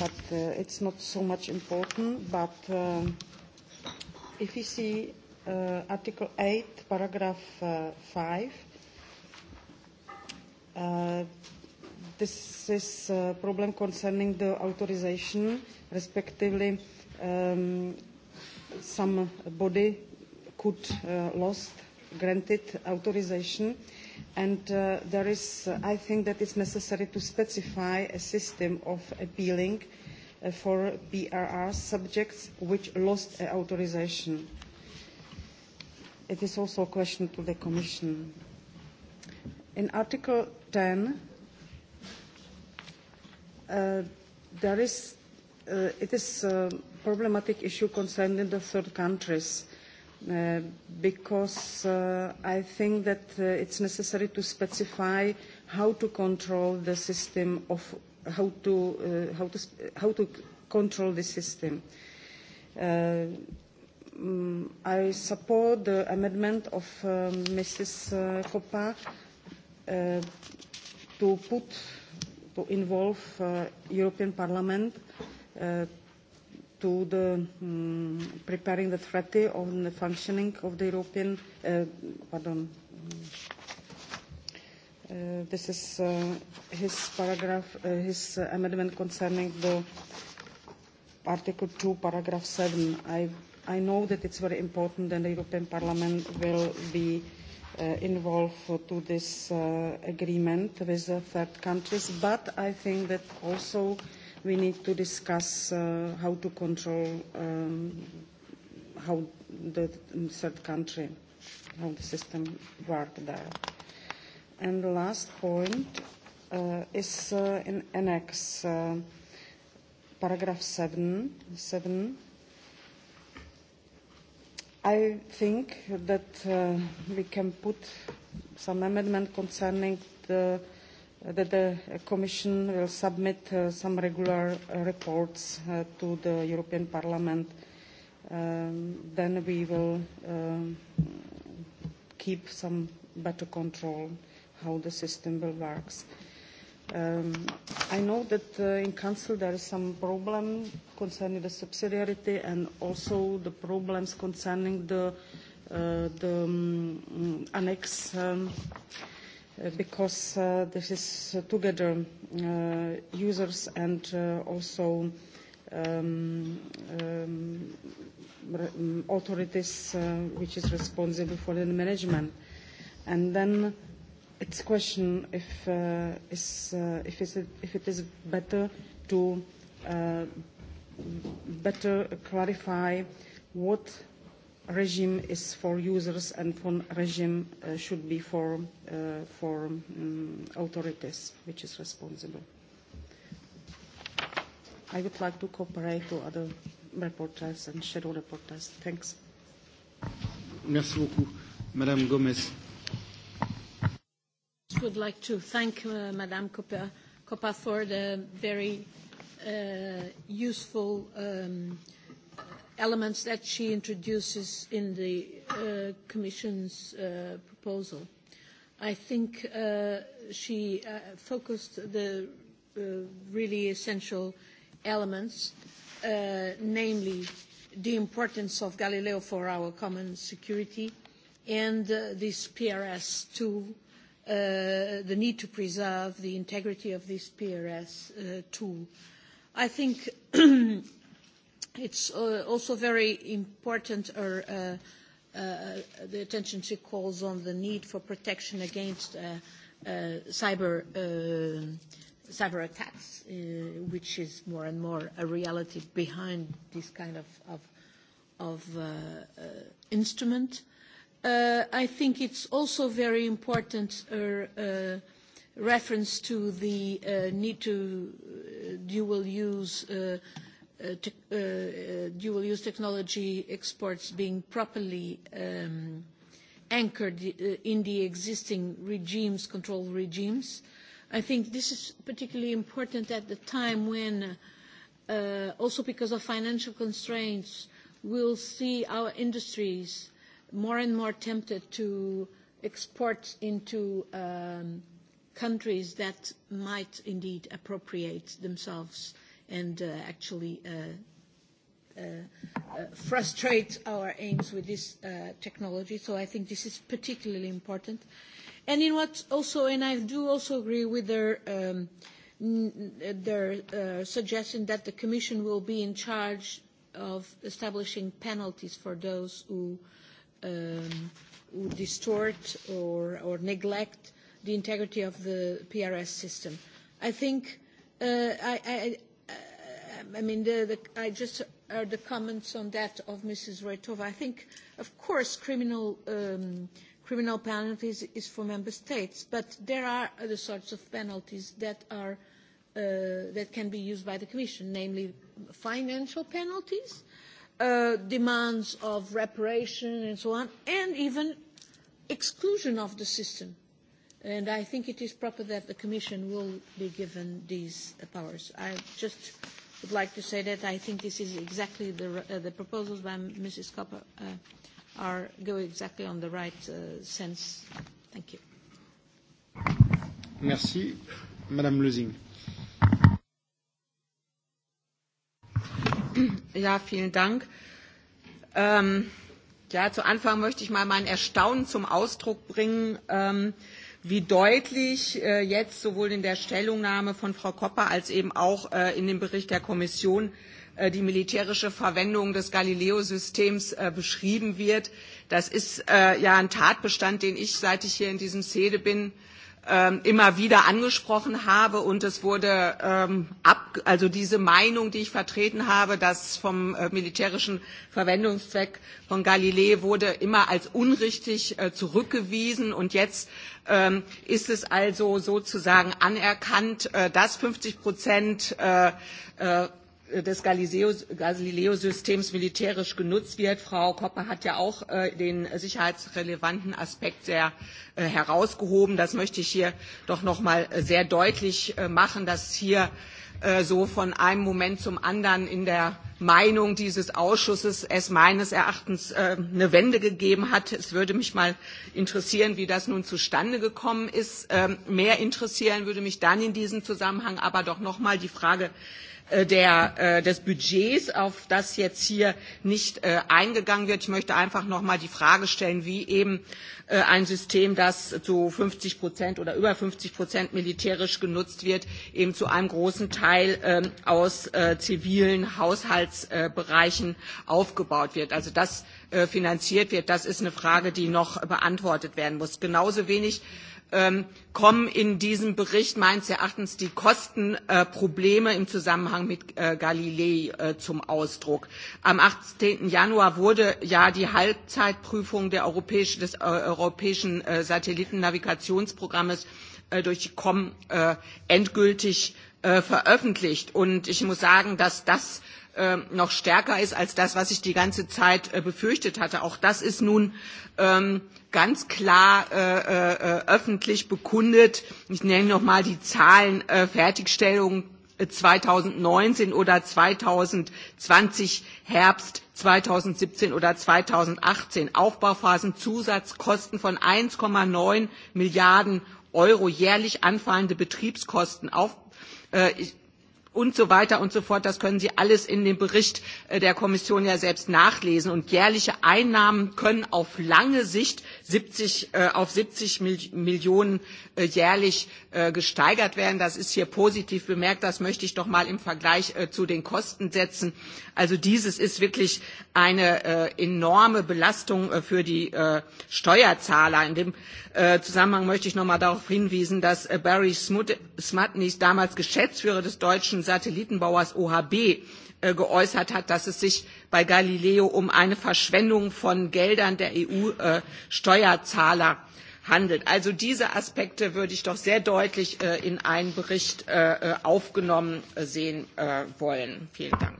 But uh, it's not so much important, but um, if you see uh, Article 8, paragraph uh, 5, uh, this is a uh, problem concerning the authorization, respectively um, some body could uh, lost granted authorization and uh, there is, uh, I think that it's necessary to specify a system of appealing uh, Uh, for BRR subjects which lost authorization. It is also a question to the Commission. In Article 10, uh, there is, uh, it is a problematic issue concerning the third countries. Uh, because uh, I think that uh, it's necessary to specify how to control the system of how to, uh, how to, how to control the system. Uh, mm, I support the amendment of um, uh, Mrs. Kopa uh, to put, to involve uh, European Parliament uh, to the um, preparing the treaty on the functioning of the European, uh, pardon, Uh, this is uh, his paragraph, uh, his uh, amendment concerning the Article 2, paragraph 7. I, I know that it's very important and the European Parliament will be uh, involved uh, to this uh, agreement with the third countries, but I think that also we need to discuss uh, how to control um, how the third country, how the system works there. And the last point uh, is uh, in Annex uh, paragraph 7, I think that uh, we can put some amendment concerning the, that the Commission will submit uh, some regular uh, reports uh, to the European Parliament. Um, then we will uh, keep some better control how the system will work. Um, I know that uh, in Council there is some problem concerning the subsidiarity and also the problems concerning the, uh, the um, annex um, uh, because uh, this is uh, together uh, users and uh, also um, um, re- um, authorities uh, which is responsible for the management. And then it's a question if, uh, is, uh, if, it's a, if it is better to uh, better clarify what regime is for users and what regime uh, should be for, uh, for um, authorities which is responsible. I would like to cooperate to other reporters and shadow reporters. Thanks. Merci beaucoup. Madame Gomez would like to thank uh, Madame Coppa, Coppa for the very uh, useful um, elements that she introduces in the uh, Commission's uh, proposal. I think uh, she uh, focused the uh, really essential elements, uh, namely the importance of Galileo for our common security and uh, this PRS tool Uh, the need to preserve the integrity of this PRS uh, tool. I think it's uh, also very important or uh, Uh, the attention she calls on the need for protection against uh, uh, cyber, uh, cyber attacks, uh, which is more and more a reality behind this kind of, of, of instrument. Uh, I think it's also very important uh, uh, reference to the uh, need to uh, dual use uh, uh te uh, uh, dual use technology exports being properly um, anchored in the existing regimes, control regimes. I think this is particularly important at the time when, uh, also because of financial constraints, we'll see our industries more and more tempted to export into um, countries that might indeed appropriate themselves and uh, actually uh, uh, uh, frustrate our aims with this uh, technology. So I think this is particularly important. And in what also, and I do also agree with their, um, their uh, suggestion that the Commission will be in charge of establishing penalties for those who uh, um, distort or, or neglect the integrity of the PRS system. I think uh, I, I, uh, I mean the, the, I just heard the comments on that of Mrs. Reitova. I think, of course, criminal um, criminal penalties is for member states, but there are other sorts of penalties that are uh, that can be used by the Commission, namely financial penalties uh, demands of reparation and so on, and even exclusion of the system. And I think it is proper that the Commission will be given these uh, powers. I just would like to say that I think this is exactly the, uh, the proposals by Mrs. Copper uh, are, go exactly on the right uh, sense. Thank you. Merci. Madame Lusing. Ja, vielen Dank. Ähm, ja, zu Anfang möchte ich mal mein Erstaunen zum Ausdruck bringen, ähm, wie deutlich äh, jetzt sowohl in der Stellungnahme von Frau Kopper als eben auch äh, in dem Bericht der Kommission äh, die militärische Verwendung des Galileo-Systems äh, beschrieben wird. Das ist äh, ja ein Tatbestand, den ich, seit ich hier in diesem Sede bin, Ähm, immer wieder angesprochen habe und es wurde ähm, ab, also diese Meinung, die ich vertreten habe, dass vom äh, militärischen Verwendungszweck von Galilei wurde immer als unrichtig äh, zurückgewiesen und jetzt ähm, ist es also sozusagen anerkannt, äh, dass 50 Prozent äh, äh, des Galileo-Systems militärisch genutzt wird. Frau Kopper hat ja auch äh, den sicherheitsrelevanten Aspekt sehr äh, herausgehoben. Das möchte ich hier doch noch mal äh, sehr deutlich machen, dass hier so von einem Moment zum anderen in der Meinung dieses Ausschusses es meines Erachtens eine Wende gegeben hat. Es würde mich mal interessieren, wie das nun zustande gekommen ist. Ähm, mehr interessieren würde mich dann in diesem Zusammenhang aber doch noch mal die Frage Äh, der, äh, des Budgets, auf das jetzt hier nicht äh, eingegangen wird. Ich möchte einfach noch mal die Frage stellen, wie eben ein System, das zu 50 Prozent oder über 50 Prozent militärisch genutzt wird, eben zu einem großen Teil ähm, aus zivilen Haushaltsbereichen aufgebaut wird. Also das finanziert wird, das ist eine Frage, die noch beantwortet werden muss. Genauso wenig Ähm, kommen in diesem Bericht meines Erachtens die Kostenprobleme im Zusammenhang mit äh, Galilei äh, zum Ausdruck. Am 18. Januar wurde ja die Halbzeitprüfung der europäisch, des äh, europäischen Satellitennavigationsprogrammes durch die COM endgültig veröffentlicht. Und ich muss sagen, dass das noch stärker ist als das, was ich die ganze Zeit befürchtet hatte. Auch das ist nun ähm, ganz klar äh, äh, äh, öffentlich bekundet, ich nenne mal die Zahlen, äh, Fertigstellung 2019 äh, oder 2020 Herbst 2017 oder 2018 Aufbauphasen Zusatzkosten von 1,9 Milliarden Euro jährlich anfallende Betriebskosten auf, äh, und so weiter und so fort. Das können Sie alles in dem Bericht äh, der Kommission ja selbst nachlesen. Und jährliche Einnahmen können auf lange Sicht Äh, auf siebzig Millionen äh, jährlich äh, gesteigert werden. Das ist hier positiv bemerkt. Das möchte ich doch mal im Vergleich zu den Kosten setzen. Also dies ist wirklich eine enorme Belastung für die Steuerzahler. In dem Zusammenhang möchte ich noch mal darauf hinweisen dass Barry smutnik damals Geschäftsführer des deutschen Satellitenbauers OHB Äh, geäußert hat, dass es sich bei Galileo um eine Verschwendung von Geldern der EU-Steuerzahler äh, handelt. Also diese Aspekte würde ich doch sehr deutlich äh, in einen Bericht aufgenommen sehen wollen. Vielen Dank.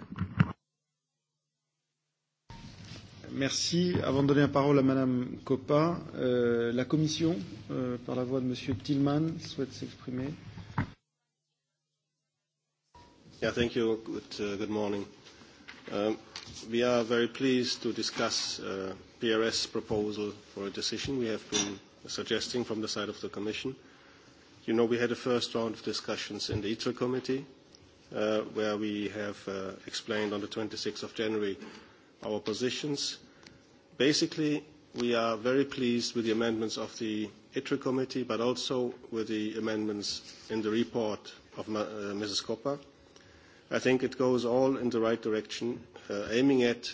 Merci. Avant de donner la parole à Madame Coppa, euh, la Commission, euh, par la voix de Monsieur Tillman, souhaite s'exprimer. Euh, Yeah, thank you. Good, uh, good morning. Um, we are very pleased to discuss uh, PRS proposal for a decision we have been suggesting from the side of the Commission. You know, we had a first round of discussions in the ITRA committee, uh, where we have uh, explained on the 26th of January our positions. Basically, we are very pleased with the amendments of the ITRA committee, but also with the amendments in the report of uh, Mrs. Koppa. I think it goes all in the right direction, uh, aiming at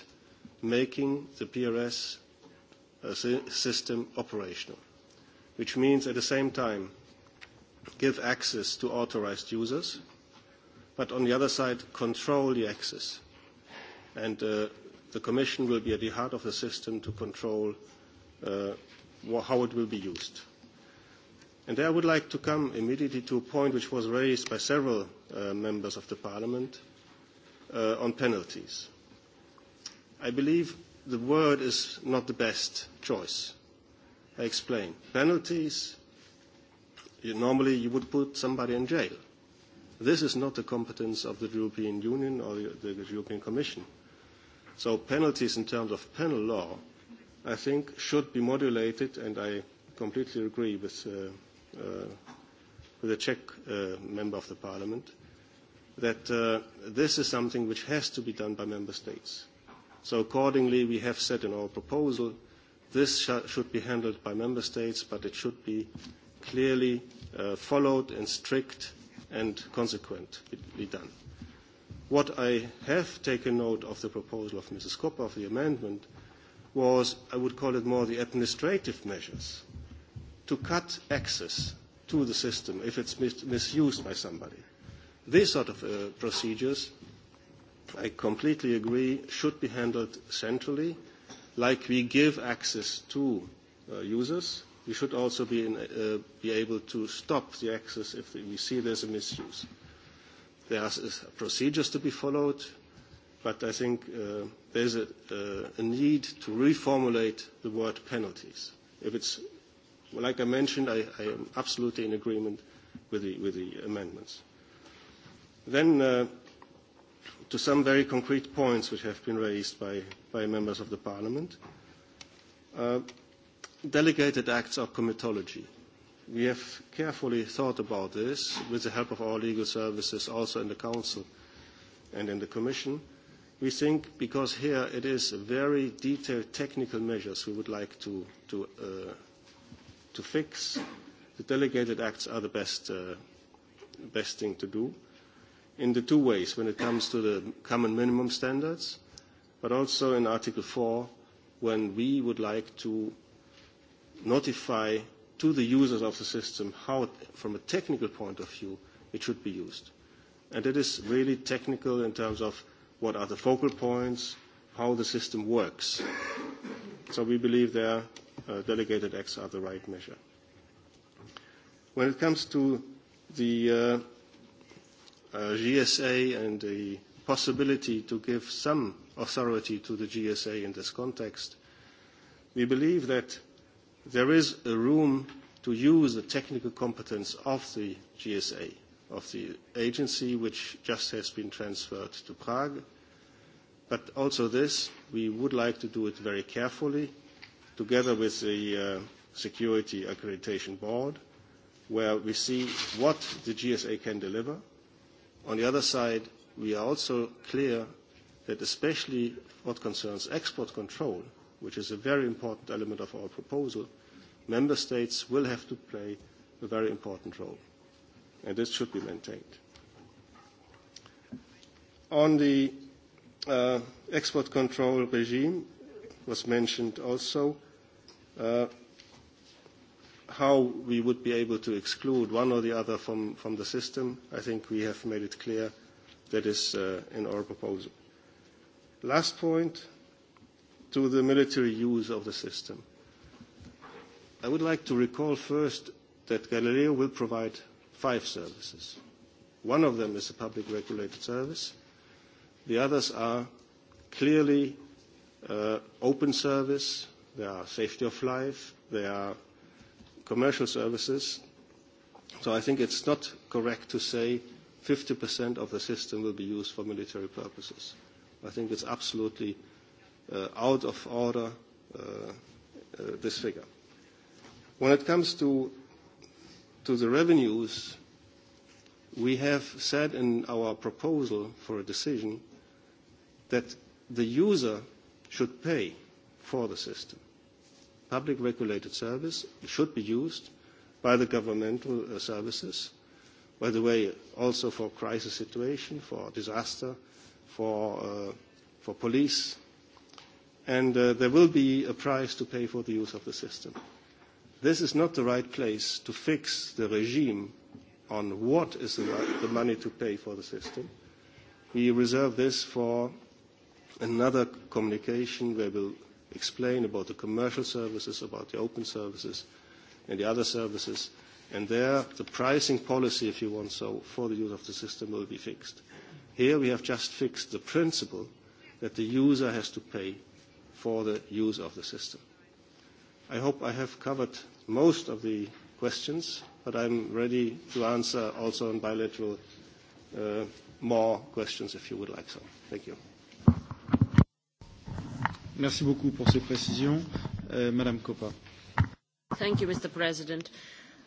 making the PRS uh, system operational, which means at the same time give access to authorized users, but on the other side control the access. And uh, the Commission will be at the heart of the system to control how it will be used. And there I would like to come immediately to a point which was raised by several Uh, members of the parliament uh, on penalties. I believe the word is not the best choice. I explain. Penalties, you, normally you would put somebody in jail. This is not the competence of the European Union or the, the, the European Commission. So penalties in terms of penal law, I think, should be modulated, and I completely agree with, uh, uh, with the Czech uh, member of the parliament, that uh, this is something which has to be done by member states. So accordingly, we have said in our proposal, this sh should be handled by member states, but it should be clearly uh, followed and strict and consequently done. What I have taken note of the proposal of Mrs. Koppa of the amendment was, I would call it more the administrative measures to cut access to the system if it's mis misused by somebody. These sort of uh, procedures, I completely agree, should be handled centrally. Like we give access to uh, users, we should also be, in, uh, be able to stop the access if we see there's a misuse. There are uh, procedures to be followed, but I think uh, there's a, uh, a need to reformulate the word penalties. If it's, well, like I mentioned, I, I am absolutely in agreement with the, with the amendments. Then uh, to some very concrete points which have been raised by, by members of the Parliament. Uh, delegated acts are comitology. We have carefully thought about this with the help of our legal services also in the Council and in the Commission. We think because here it is very detailed technical measures we would like to, to, uh, to fix, the delegated acts are the best, uh, best thing to do. Uh, in the two ways when it comes to the common minimum standards, but also in Article 4 when we would like to notify to the users of the system how, from a technical point of view, it should be used. And it is really technical in terms of what are the focal points, how the system works. So we believe there uh, delegated acts are the right measure. When it comes to the uh, Uh, GSA and the possibility to give some authority to the GSA in this context, we believe that there is a room to use the technical competence of the GSA, of the agency which just has been transferred to Prague. But also this, we would like to do it very carefully, together with the uh, Security Accreditation Board, where we see what the GSA can deliver, On the other side, we are also clear that especially what concerns export control, which is a very important element of our proposal, member states will have to play a very important role, and this should be maintained. On the uh, export control regime, was mentioned also, uh, how we would be able to exclude one or the other from, from the system, I think we have made it clear that is uh, in our proposal. Last point, to the military use of the system. I would like to recall first that Galileo will provide five services. One of them is a public regulated service. The others are clearly uh, open service, they are safety of life, they are commercial services. So I think it's not correct to say 50% of the system will be used for military purposes. I think it's absolutely uh, out of order, uh, uh, this figure. When it comes to the revenues, we have said in our proposal for a decision that the user should pay for the system public regulated service. It should be used by the governmental uh, services, by the way, also for crisis situation, for disaster, for, uh, for police. And uh, there will be a price to pay for the use of the system. This is not the right place to fix the regime on what is the, right, the money to pay for the system. We reserve this for another communication where we'll explain about the commercial services, about the open services and the other services. And there, the pricing policy, if you want so, for the use of the system will be fixed. Here we have just fixed the principle that the user has to pay for the use of the system. I hope I have covered most of the questions, but I'm ready to answer also on bilateral uh, more questions if you would like so. Thank you. Merci beaucoup pour ces précisions. Euh, Madame Coppa. Thank you, Mr. President.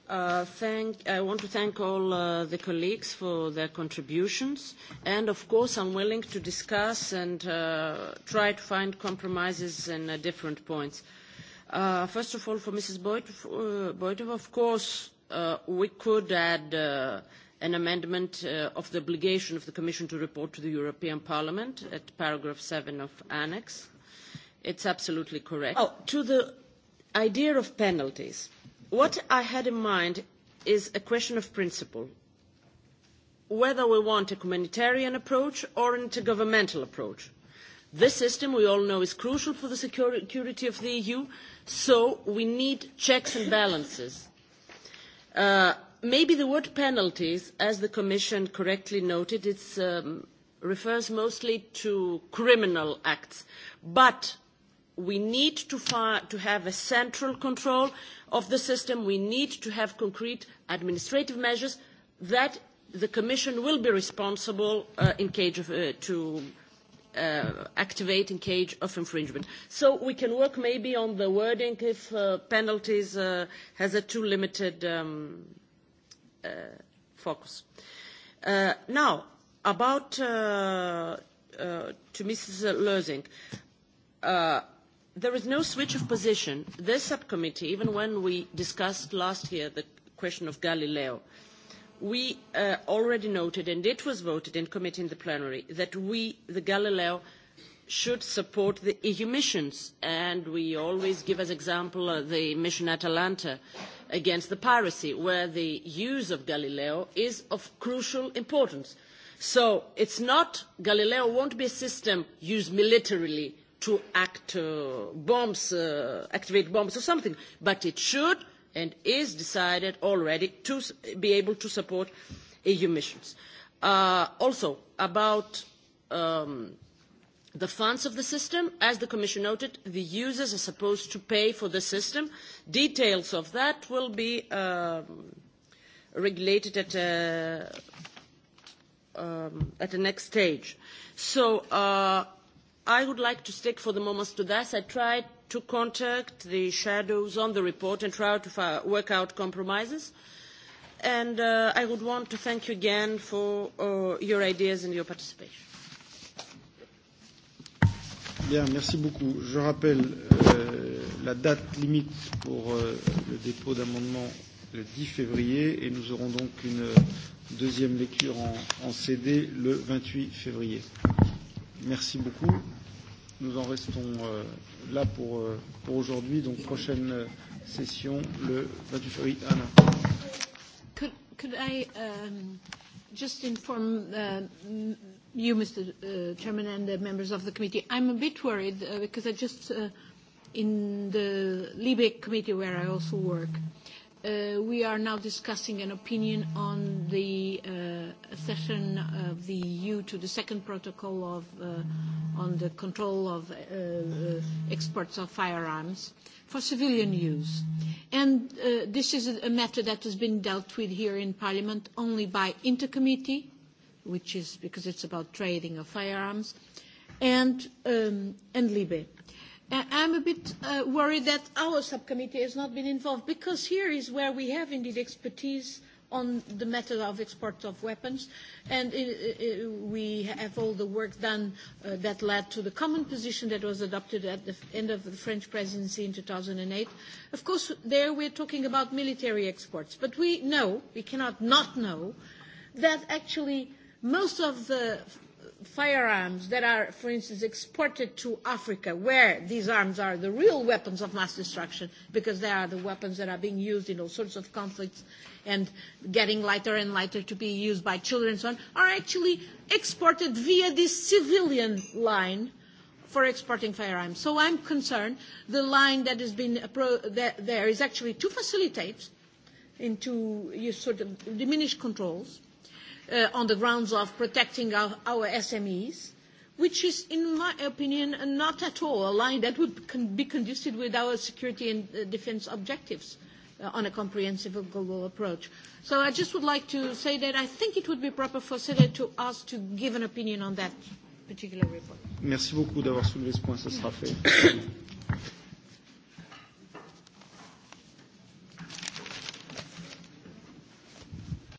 Uh, thank, I want to thank all uh, the colleagues for their contributions. And of course, I'm willing to discuss and uh, try to find compromises in uh, different points. Uh, first of all, for Mrs. Boitov, uh, of course, uh, we could add uh, an amendment uh, of the obligation of the Commission to report to the European Parliament at paragraph 7 of Annex. It's absolutely correct. Oh, to the idea of penalties, what I had in mind is a question of principle. Whether we want a communitarian approach or an intergovernmental approach. This system, we all know, is crucial for the security of the EU, so we need checks and balances. Uh, maybe the word penalties, as the Commission correctly noted, um, refers mostly to criminal acts. But we need to, to have a central control of the system. We need to have concrete administrative measures that the Commission will be responsible uh, in case of, uh, to uh, activate in case of infringement. So we can work maybe on the wording if uh, penalties uh, has a too limited um, uh, focus. Uh, now, about uh, uh, to Mrs. Lösing. Uh, there is no switch of position. This subcommittee, even when we discussed last year the question of Galileo, we uh, already noted, and it was voted in committee in the plenary, that we, the Galileo, should support the EU missions. And we always give as example uh, the mission Atalanta against the piracy, where the use of Galileo is of crucial importance. So it's not, Galileo won't be a system used militarily to act uh, bombs, uh, activate bombs or something, but it should and is decided already to be able to support EU missions. Uh, also, about um, the funds of the system, as the Commission noted, the users are supposed to pay for the system. Details of that will be um, regulated at, a, uh, um, at the next stage. So, uh, I would like to stick for the moment to this. I tried to contact the shadows on the report and try to work out compromises. And uh, I would want to thank you again for uh, your ideas and your participation. Bien, merci beaucoup. Je rappelle euh, la date limite pour euh, le dépôt d'amendements le 10 février et nous aurons donc une euh, deuxième lecture en, en CD le 28 février. Merci beaucoup. Nous en restons euh, là pour, euh, pour aujourd'hui. Donc prochaine euh, session le 28 février. Oui, Anna. Could, could I um, just inform uh, you, Mr. Uh, Chairman, and the members of the committee? I'm a bit worried uh, because I just uh, in the Libe committee where I also work. Uh, uh, we are now discussing an opinion on the uh, accession of the EU to the second protocol of, uh, on the control of uh, uh, exports of firearms for civilian use. And uh, this is a matter that has been dealt with here in Parliament only by intercommittee, which is because it's about trading of firearms, and, um, and Libe. Uh, Uh, I'm a bit uh, worried that our subcommittee has not been involved because here is where we have indeed expertise on the matter of export of weapons, and uh, uh, uh we have all the work done uh, that led to the common position that was adopted at the end of the French presidency in 2008. Of course, there we're talking about military exports, but we know, we cannot not know, that actually most of the firearms that are, for instance, exported to Africa, where these arms are the real weapons of mass destruction, because they are the weapons that are being used in all sorts of conflicts and getting lighter and lighter to be used by children and so on, are actually exported via this civilian line for exporting firearms. So I'm concerned the line that has been that there is actually to facilitate into you sort of diminish controls – Uh, on the grounds of protecting our, SMEs, which is, in my opinion, not at all a line that would be conducive with our security and uh, defense objectives uh, on a comprehensive global approach. So I just would like to say that I think it would be proper for Senate to ask to give an opinion on that particular report. Merci beaucoup d'avoir soulevé ce point, ça sera fait.